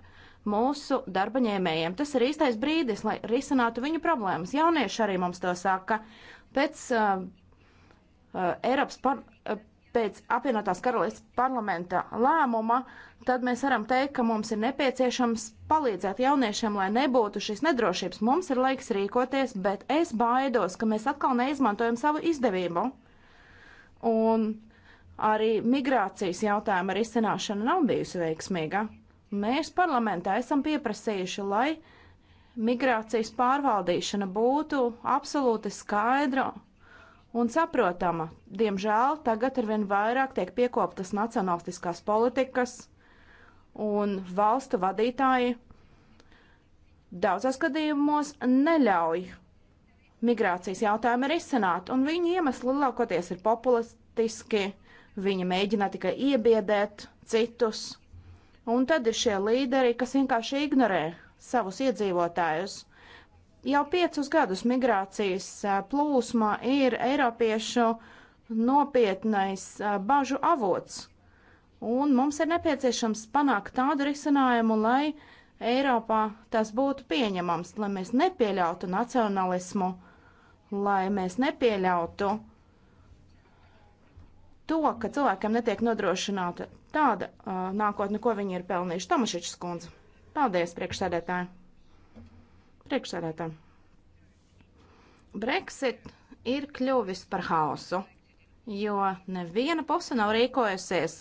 mūsu darba ņēmējiem. Tas ir īstais brīdis, lai risinātu viņu problēmas. Jaunieši arī mums to saka. Pēc uh, uh, Eiropas par, uh, pēc apvienotās karalists parlamenta lēmuma, tad mēs varam teikt, ka mums ir nepieciešams palīdzēt jauniešiem, lai nebūtu šīs nedrošības. Mums ir laiks rīkoties, bet es baidos, ka mēs atkal neizmantojam savu izdevību. Un arī migrācijas jautājuma risināšana nav bijusi veiksmīga. Mēs parlamentā esam pieprasījuši, lai migrācijas pārvaldīšana būtu absolūti skaidra un saprotama. Diemžēl tagad arvien vairāk tiek piekoptas nacionālistiskās politikas un valstu vadītāji daudzos gadījumos neļauj migrācijas jautājumu risināt, un viņu iemesli lielākoties ir populistiski, viņi mēģina tikai iebiedēt citus, un tad ir šie līderi, kas vienkārši ignorē savus iedzīvotājus Jau piecus gadus migrācijas plūsma ir Eiropiešu nopietnais bažu avots, un mums ir nepieciešams panākt tādu risinājumu, lai Eiropā tas būtu pieņemams, lai mēs nepieļautu nacionalismu, lai mēs nepieļautu to, ka cilvēkiem netiek nodrošināta tāda uh, nākotne, ko viņi ir pelnījuši. Tomašičs kundze. Paldies, priekšsēdētāji! priekšsēdētā. Brexit ir kļuvis par haosu, jo neviena puse nav rīkojusies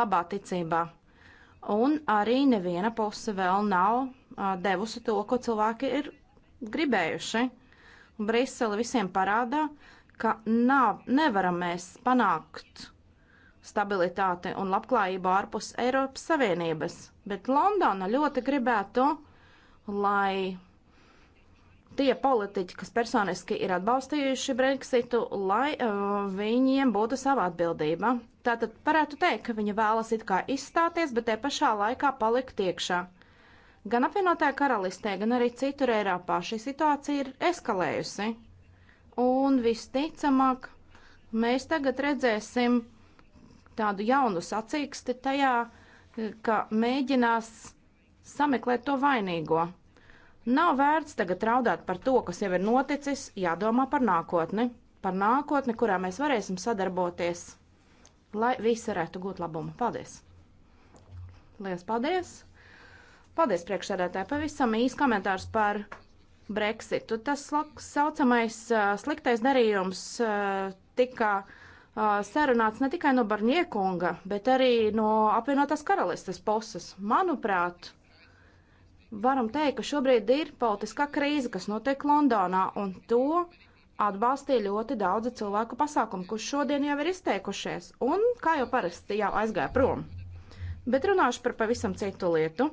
labā ticībā, un arī neviena puse vēl nav uh, devusi to, ko cilvēki ir gribējuši. Brisele visiem parādā, ka nav, nevaram mēs panākt stabilitāti un labklājību ārpus Eiropas Savienības, bet Londona ļoti gribētu, lai tie politiķi, kas personiski ir atbalstījuši Brexitu, lai uh, viņiem būtu sava atbildība. Tātad varētu teikt, ka viņi vēlas it kā izstāties, bet te pašā laikā palikt iekšā. Gan apvienotajā karalistē, gan arī citur Eiropā šī situācija ir eskalējusi. Un visticamāk, mēs tagad redzēsim tādu jaunu sacīksti tajā, ka mēģinās sameklēt to vainīgo. Nav vērts tagad raudāt par to, kas jau ir noticis, jādomā par nākotni, par nākotni, kurā mēs varēsim sadarboties, lai visi varētu gūt labumu. Paldies! Lielas paldies! Paldies priekšsēdētāji! Pavisam īsts komentārs par Brexitu. Tas saucamais sliktais darījums tika sarunāts ne tikai no Barņiekunga, bet arī no apvienotās karalistes puses. Manuprāt, varam teikt, ka šobrīd ir politiskā krīze, kas notiek Londonā, un to atbalstīja ļoti daudzi cilvēku pasākumu, kurš šodien jau ir izteikušies, un kā jau parasti jau aizgāja prom. Bet runāšu par pavisam citu lietu,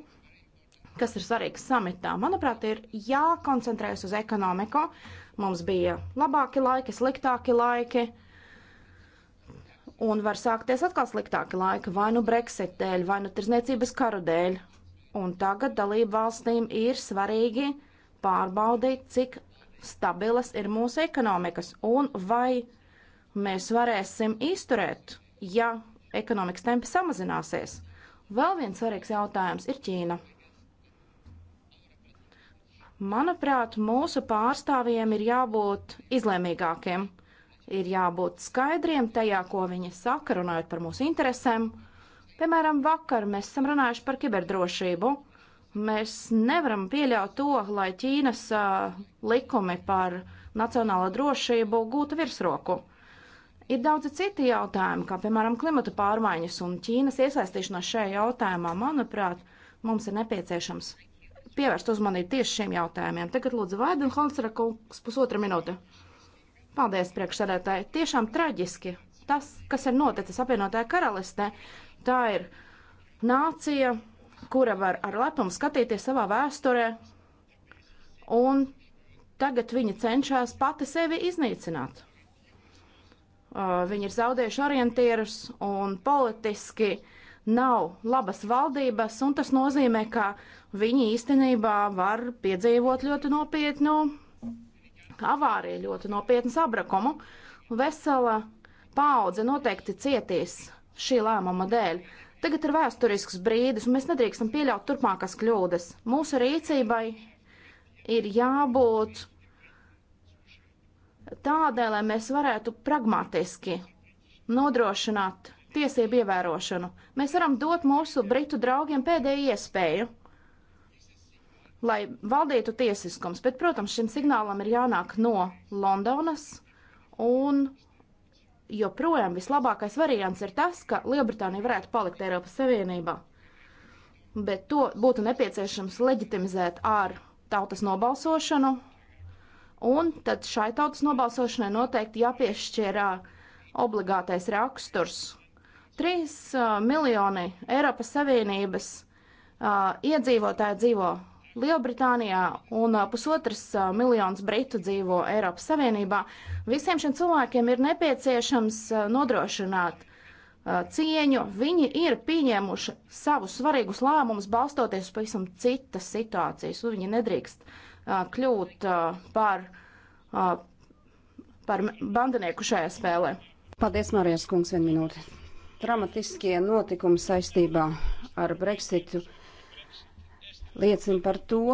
kas ir svarīgs samitā. Manuprāt, ir jākoncentrējas uz ekonomiku. Mums bija labāki laiki, sliktāki laiki. Un var sākties atkal sliktāki laiki, vai nu Brexit dēļ, vai nu tirzniecības karu dēļ. Un tagad dalību valstīm ir svarīgi pārbaudīt, cik stabilas ir mūsu ekonomikas un vai mēs varēsim izturēt, ja ekonomikas tempi samazināsies. Vēl viens svarīgs jautājums ir Ķīna. Manuprāt, mūsu pārstāvjiem ir jābūt izlēmīgākiem, ir jābūt skaidriem tajā, ko viņi saka, runājot par mūsu interesēm Piemēram, vakar mēs esam runājuši par kiberdrošību. Mēs nevaram pieļaut to, lai Ķīnas uh, likumi par nacionālo drošību gūtu virsroku. Ir daudzi citi jautājumi, kā piemēram klimata pārmaiņas un Ķīnas iesaistīšanās šajā jautājumā. Manuprāt, mums ir nepieciešams pievērst uzmanību tieši šiem jautājumiem. Tagad lūdzu Vaidenholmsera kungs pusotra minūte. Paldies, priekšsēdētāji. Tiešām traģiski tas, kas ir noticis apvienotajā karalistē, Tā ir nācija, kura var ar lepumu skatīties savā vēsturē, un tagad viņa cenšas pati sevi iznīcināt. Uh, viņi ir zaudējuši orientierus un politiski nav labas valdības, un tas nozīmē, ka viņi īstenībā var piedzīvot ļoti nopietnu avāriju, ļoti nopietnu sabrakumu. Vesela paudze noteikti cietīs šī lēmuma dēļ. Tagad ir vēsturisks brīdis, un mēs nedrīkstam pieļaut turpmākas kļūdas. Mūsu rīcībai ir jābūt tādai, lai mēs varētu pragmatiski nodrošināt tiesību ievērošanu. Mēs varam dot mūsu britu draugiem pēdējo iespēju, lai valdītu tiesiskums, bet, protams, šim signālam ir jānāk no Londonas un joprojām vislabākais variants ir tas, ka Lielbritānija varētu palikt Eiropas Savienībā. Bet to būtu nepieciešams leģitimizēt ar tautas nobalsošanu, un tad šai tautas nobalsošanai noteikti jāpiešķir obligātais raksturs. 3 uh, miljoni Eiropas Savienības uh, iedzīvotāji dzīvo Lielbritānijā un pusotras miljonus britu dzīvo Eiropas Savienībā. Visiem šiem cilvēkiem ir nepieciešams nodrošināt cieņu. Viņi ir pieņēmuši savus svarīgus lēmumus balstoties uz pavisam citas situācijas, un viņi nedrīkst kļūt par, par bandinieku šajā spēlē. Paldies, Mārijas kungs, vien minūte. Dramatiskie notikumi saistībā ar Brexitu liecina par to,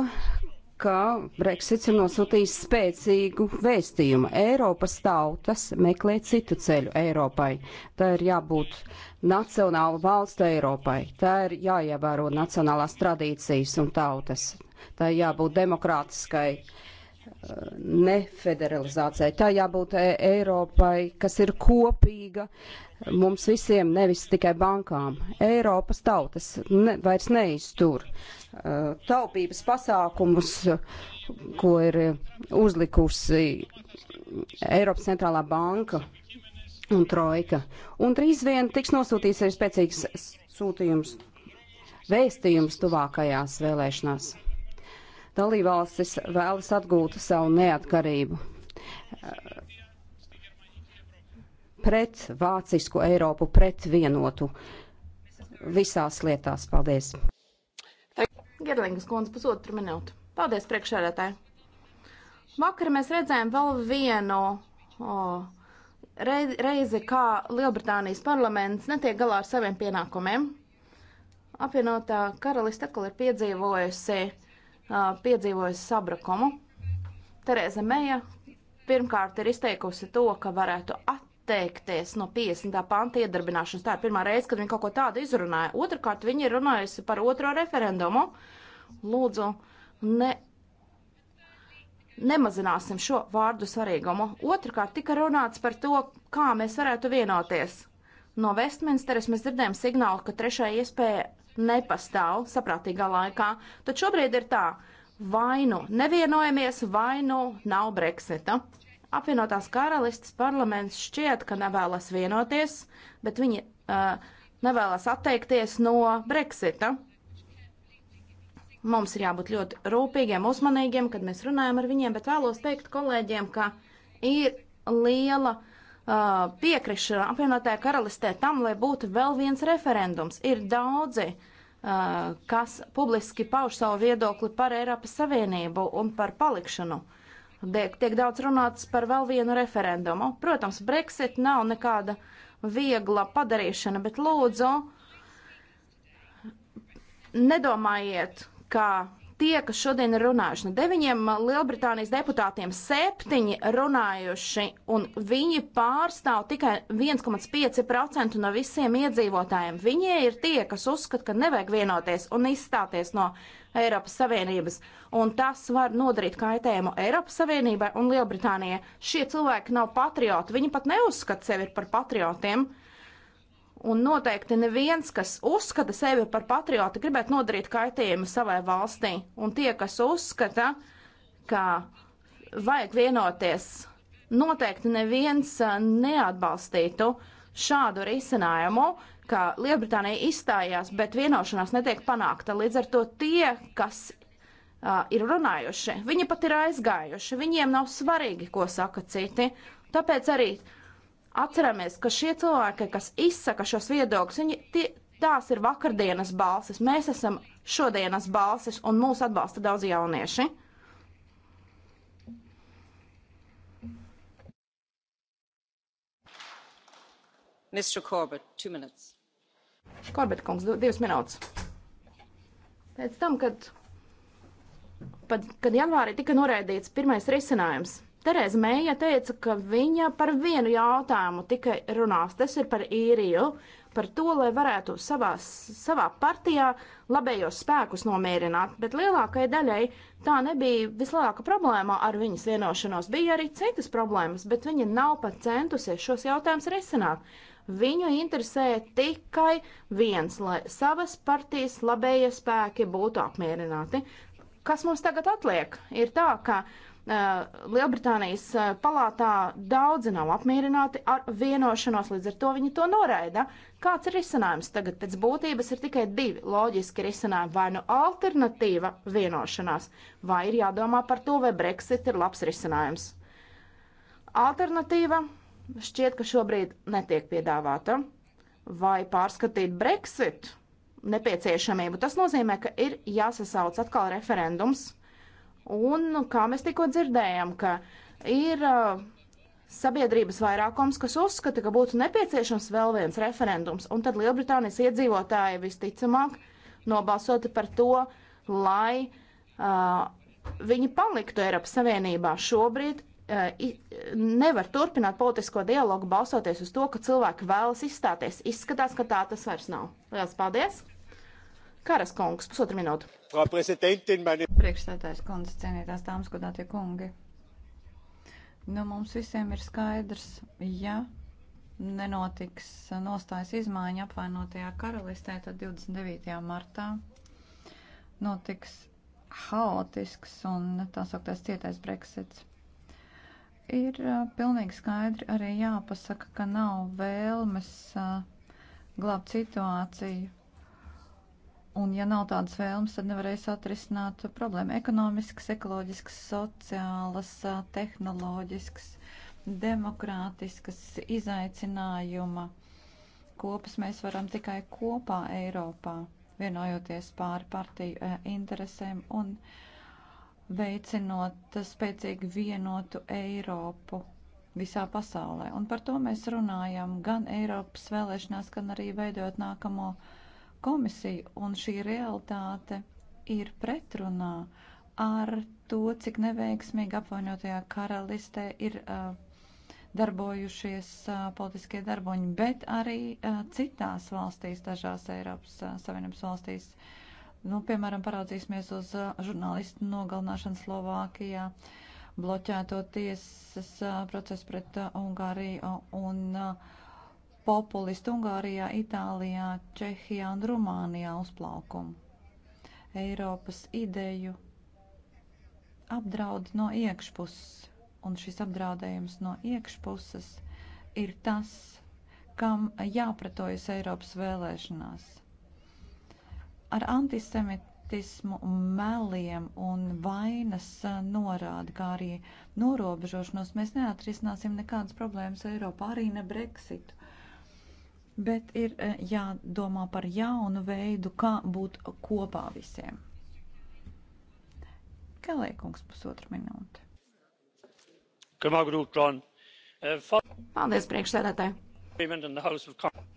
ka Brexits ir nosūtījis spēcīgu vēstījumu. Eiropas tautas meklē citu ceļu Eiropai. Tā ir jābūt nacionāla valsts Eiropai. Tā ir jāievēro nacionālās tradīcijas un tautas. Tā ir jābūt demokrātiskai uh, nefederalizācijai. Tā jābūt e- Eiropai, kas ir kopīga mums visiem, nevis tikai bankām. Eiropas tautas ne, vairs neiztur uh, taupības pasākumus, ko ir uzlikusi Eiropas centrālā banka un trojka. Un drīz vien tiks nosūtīts arī spēcīgs sūtījums, vēstījums tuvākajās vēlēšanās dalībvalstis vēlas atgūt savu neatkarību pret vācisku Eiropu, pret vienotu visās lietās. Paldies! Gerlingas kundze, pusotru minūtu. Paldies, priekšsēdētāji! Vakar mēs redzējām vēl vienu oh, reizi, kā Lielbritānijas parlaments netiek galā ar saviem pienākumiem. Apvienotā karalista atkal ir piedzīvojusi uh, piedzīvojusi sabrukumu. Tereza Meija pirmkārt ir izteikusi to, ka varētu atteikties no 50. panta iedarbināšanas. Tā ir pirmā reize, kad viņa kaut ko tādu izrunāja. Otrakārt, viņa ir runājusi par otro referendumu. Lūdzu, ne, nemazināsim šo vārdu svarīgumu. Otrakārt, tika runāts par to, kā mēs varētu vienoties. No Vestminsteres mēs dzirdējam signālu, ka trešā iespēja nepastāv saprātīgā laikā, tad šobrīd ir tā, vai nu nevienojamies, vai nu nav Brexita. Apvienotās karalistes parlaments šķiet, ka nevēlas vienoties, bet viņi uh, nevēlas atteikties no Brexita. Mums ir jābūt ļoti rūpīgiem, uzmanīgiem, kad mēs runājam ar viņiem, bet vēlos teikt kolēģiem, ka ir liela piekrišana apvienotajā karalistē tam, lai būtu vēl viens referendums. Ir daudzi, uh, kas publiski pauž savu viedokli par Eiropas Savienību un par palikšanu. Tiek, tiek daudz runāts par vēl vienu referendumu. Protams, Brexit nav nekāda viegla padarīšana, bet lūdzu, nedomājiet, ka tie, kas šodien ir runājuši. No nu, deviņiem uh, Lielbritānijas deputātiem septiņi runājuši, un viņi pārstāv tikai 1,5% no visiem iedzīvotājiem. Viņi ir tie, kas uzskata, ka nevajag vienoties un izstāties no Eiropas Savienības, un tas var nodarīt kaitējumu Eiropas Savienībai un Lielbritānijai. Šie cilvēki nav patrioti, viņi pat neuzskata sevi par patriotiem. Uh, Un noteikti neviens, kas uzskata sevi par patriotu, gribētu nodarīt kaitējumu savai valstī. Un tie, kas uzskata, ka vajag vienoties, noteikti neviens eh, neatbalstītu šādu risinājumu, ka Lielbritānija izstājās, bet vienošanās netiek panākta. Līdz ar to tie, kas uh, ir runājuši, viņi pat ir aizgājuši, viņiem nav svarīgi, ko saka citi. Tāpēc arī uh, Atceramies, ka šie cilvēki, kas izsaka šos viedokļus, viņi tie, tās ir vakardienas balsis. Mēs esam šodienas balsis, un mūs atbalsta daudz jaunieši. Corbett, Korbet kungs, divas minūtes. Pēc tam, kad, kad janvārī tika noraidīts pirmais risinājums, Tereza Mēja teica, ka viņa par vienu jautājumu tikai runās, tas ir par īriju, par to, lai varētu savā, savā partijā labējos spēkus nomierināt, bet lielākai daļai tā nebija vislielākā problēma ar viņas vienošanos. Bija arī citas problēmas, bet viņa nav pat centusies šos jautājumus risināt. Viņu interesēja tikai viens, lai savas partijas labējie spēki būtu apmierināti. Kas mums tagad atliek? Ir tā, ka uh, Eh, Lielbritānijas eh, palātā daudzi nav apmierināti ar vienošanos, līdz ar to viņi to noraida. Kāds ir risinājums tagad? Pēc būtības ir tikai divi loģiski risinājumi. Vai nu alternatīva vienošanās, vai ir jādomā par to, vai Brexit ir labs risinājums. Alternatīva šķiet, ka šobrīd netiek piedāvāta. Vai pārskatīt Brexit nepieciešamību? Tas nozīmē, ka ir jāsasauc atkal referendums Un nu, kā mēs tikko dzirdējām, ka ir uh, sabiedrības vairākums, kas uzskata, ka būtu nepieciešams vēl viens referendums, un tad Lielbritānijas iedzīvotāji visticamāk nobalsota par to, lai uh, viņi paliktu Eiropas Savienībā. Šobrīd uh, nevar turpināt politisko dialogu balsoties uz to, ka cilvēki vēlas izstāties. Izskatās, ka tā tas vairs nav. Lielas paldies! Karas kungs, pusotru minūtu. Frau Präsidentin, meine. Priekšstādājs kundze, cienītās dāmas, godātie kungi. Nu, mums visiem ir skaidrs, ja nenotiks nostājas izmaiņa apvainotajā karalistē, tad 29. martā notiks haotisks un tā sauktais cietais Brexits. Ir uh, pilnīgi skaidri arī jāpasaka, ka nav vēlmes uh, glābt situāciju Un ja nav tādas vēlmes, tad nevarēs atrisināt problēmu. Ekonomisks, ekoloģisks, sociālas, tehnoloģisks, demokrātiskas izaicinājuma kopas mēs varam tikai kopā Eiropā, vienojoties pāri partiju eh, interesēm un veicinot spēcīgi vienotu Eiropu visā pasaulē. Un par to mēs runājam gan Eiropas vēlēšanās, gan arī veidot nākamo uh, komisija un šī realitāte ir pretrunā ar to, cik neveiksmīgi apvainotajā karalistē ir uh, darbojušies uh, politiskie darboņi, bet arī uh, citās valstīs, dažās Eiropas uh, Savienības valstīs. Nu, piemēram, paraudzīsimies uz uh, žurnālistu nogalināšanu Slovākijā, bloķēto tiesas uh, procesu pret uh, Ungāriju uh, un uh, populistu Ungārijā, Itālijā, Čehijā un Rumānijā uzplaukumu. Eiropas ideju apdraud no iekšpuses, un šis apdraudējums no iekšpuses ir tas, kam jāpratojas Eiropas vēlēšanās. Ar antisemitismu, meliem un vainas norādi, kā arī norobežošanos, mēs neatrisināsim nekādas problēmas Eiropā, arī ne Brexitu bet ir eh, jādomā par jaunu veidu, kā būt kopā visiem. Kalēkungs pusotru minūti. Eh, Paldies, priekšsēdētāji.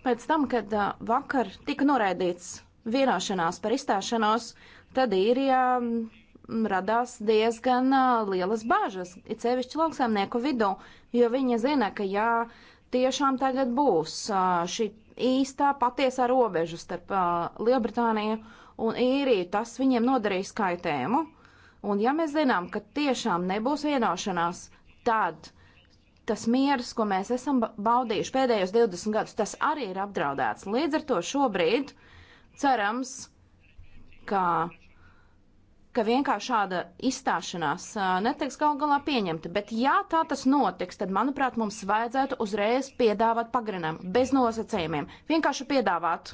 Pēc tam, kad eh, vakar tika noraidīts vienošanās par izstāšanos, tad īrijā mm, radās diezgan lielas bāžas, it sevišķi lauksaimnieku vidū, jo viņi zina, ka jā. Ja tiešām tagad būs šī īstā patiesā robeža starp Lielbritāniju un īriju. Tas viņiem nodarīs kaitējumu. Un ja mēs zinām, ka tiešām nebūs vienošanās, tad tas mieras, ko mēs esam baudījuši pēdējos 20 gadus, tas arī ir apdraudēts. Līdz ar to šobrīd cerams, ka ka vienkārši šāda izstāšanās netiks gal galā pieņemta. Bet, ja tā tas notiks, tad, manuprāt, mums vajadzētu uzreiz piedāvāt pagarinājumu bez nosacījumiem. Vienkārši piedāvāt.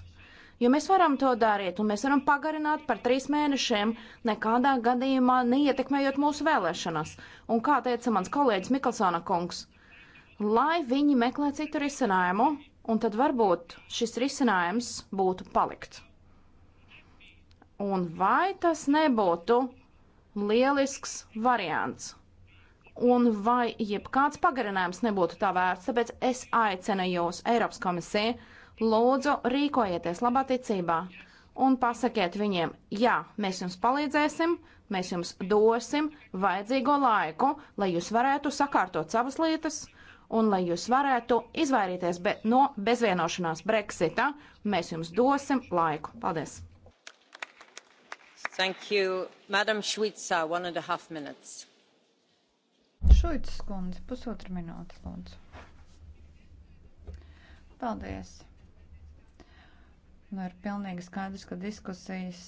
Jo mēs varam to darīt, un mēs varam pagarināt par trīs mēnešiem, nekādā gadījumā neietekmējot mūsu vēlēšanas. Un kā teica mans kolēģis Miklsona kungs, lai viņi meklē citu risinājumu, un tad varbūt šis risinājums būtu palikt. Un vai tas nebūtu lielisks variants? Un vai jebkāds pagarinājums nebūtu tā vērts? Tāpēc es aicinu jūs, Eiropas komisija, lūdzu rīkojieties labā ticībā un pasakiet viņiem, jā, mēs jums palīdzēsim, mēs jums dosim vajadzīgo laiku, lai jūs varētu sakārtot savas lietas un lai jūs varētu izvairīties be, no bezvienošanās Brexita. Mēs jums dosim laiku. Paldies! Šuica, Šuicis kundze, pusotra minūte, lūdzu. Paldies. Nu, ir pilnīgi skaidrs, ka diskusijas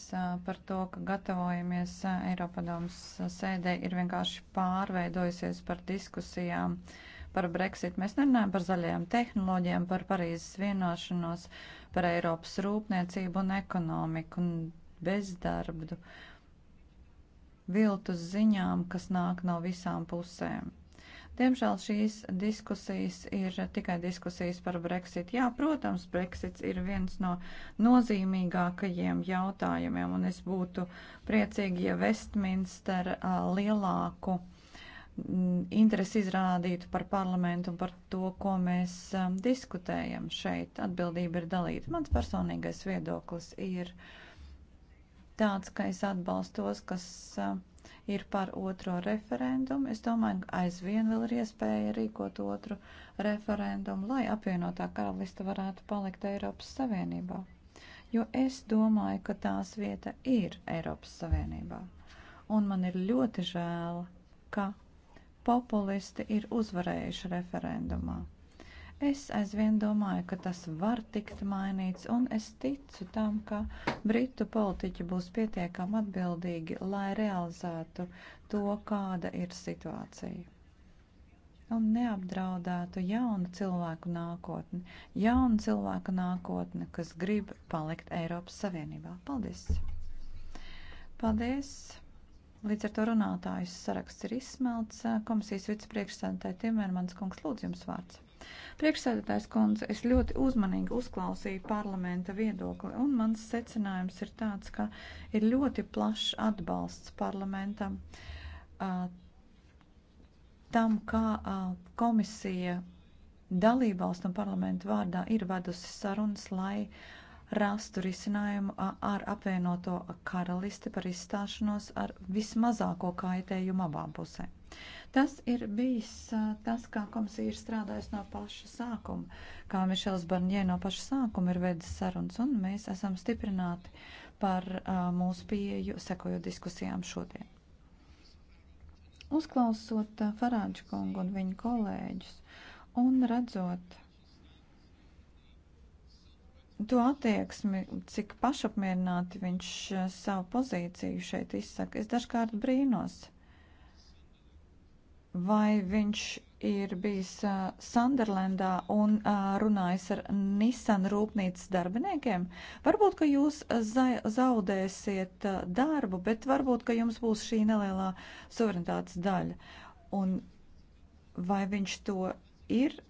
par to, ka gatavojamies Eiropadomas sēdē, ir vienkārši pārveidojusies par diskusijām par Brexit. Mēs nerunājam par zaļajām tehnoloģijām, par Parīzes vienošanos, par Eiropas rūpniecību un ekonomiku. Un bezdarbu, viltus ziņām, kas nāk no visām pusēm. Diemžēl šīs diskusijas ir tikai diskusijas par Brexit. Jā, protams, Brexits ir viens no nozīmīgākajiem jautājumiem, un es būtu priecīgi, ja Westminster lielāku interesi izrādītu par parlamentu un par to, ko mēs diskutējam šeit. Atbildība ir dalīta. Mans personīgais viedoklis ir. Uh, tāds, ka es atbalstu tos, kas ir par otro referendumu. Es domāju, ka aizvien vēl ir iespēja rīkot otru referendumu, lai apvienotā karalista varētu palikt Eiropas Savienībā. Jo es domāju, ka tās vieta ir Eiropas Savienībā. Un man ir ļoti žēl, ka populisti ir uzvarējuši referendumā. Es aizvien domāju, ka tas var tikt mainīts, un es ticu tam, ka britu politiķi būs pietiekami atbildīgi, lai realizētu to, kāda ir situācija. Un neapdraudētu jaunu cilvēku nākotni, jaunu cilvēku nākotni, kas grib palikt Eiropas Savienībā. Paldies! Paldies! Līdz ar to runātājus saraksts ir izsmelts. Komisijas vicepriekšsēdētāji Timermans kungs lūdzu jums vārds. Priekšsēdētājs kundze, es ļoti uzmanīgi uzklausīju parlamenta viedokli, un mans secinājums ir tāds, ka ir ļoti plašs atbalsts parlamentam tam, kā komisija dalībvalstu un parlamentu vārdā ir vedusi sarunas, lai rastu risinājumu ar apvienoto karalisti par izstāšanos ar vismazāko kaitējumu abām pusēm. Tas ir bijis tas, kā komisija ir strādājusi no paša sākuma, kā Mišels Barņē no paša sākuma ir vedis sarunas, un mēs esam stiprināti par mūsu pieeju, sekojot diskusijām šodien. Uzklausot Farāģu kungu un viņa kolēģus un redzot to attieksmi, cik pašapmierināti viņš savu pozīciju šeit izsaka, es dažkārt brīnos. Uh, vai viņš ir bijis uh, Sanderlendā un uh, runājis ar Nissan rūpnīcas darbiniekiem. Varbūt, ka jūs zaudēsiet uh, darbu, bet varbūt, ka jums būs šī nelielā suverenitātes daļa. Un vai viņš to ir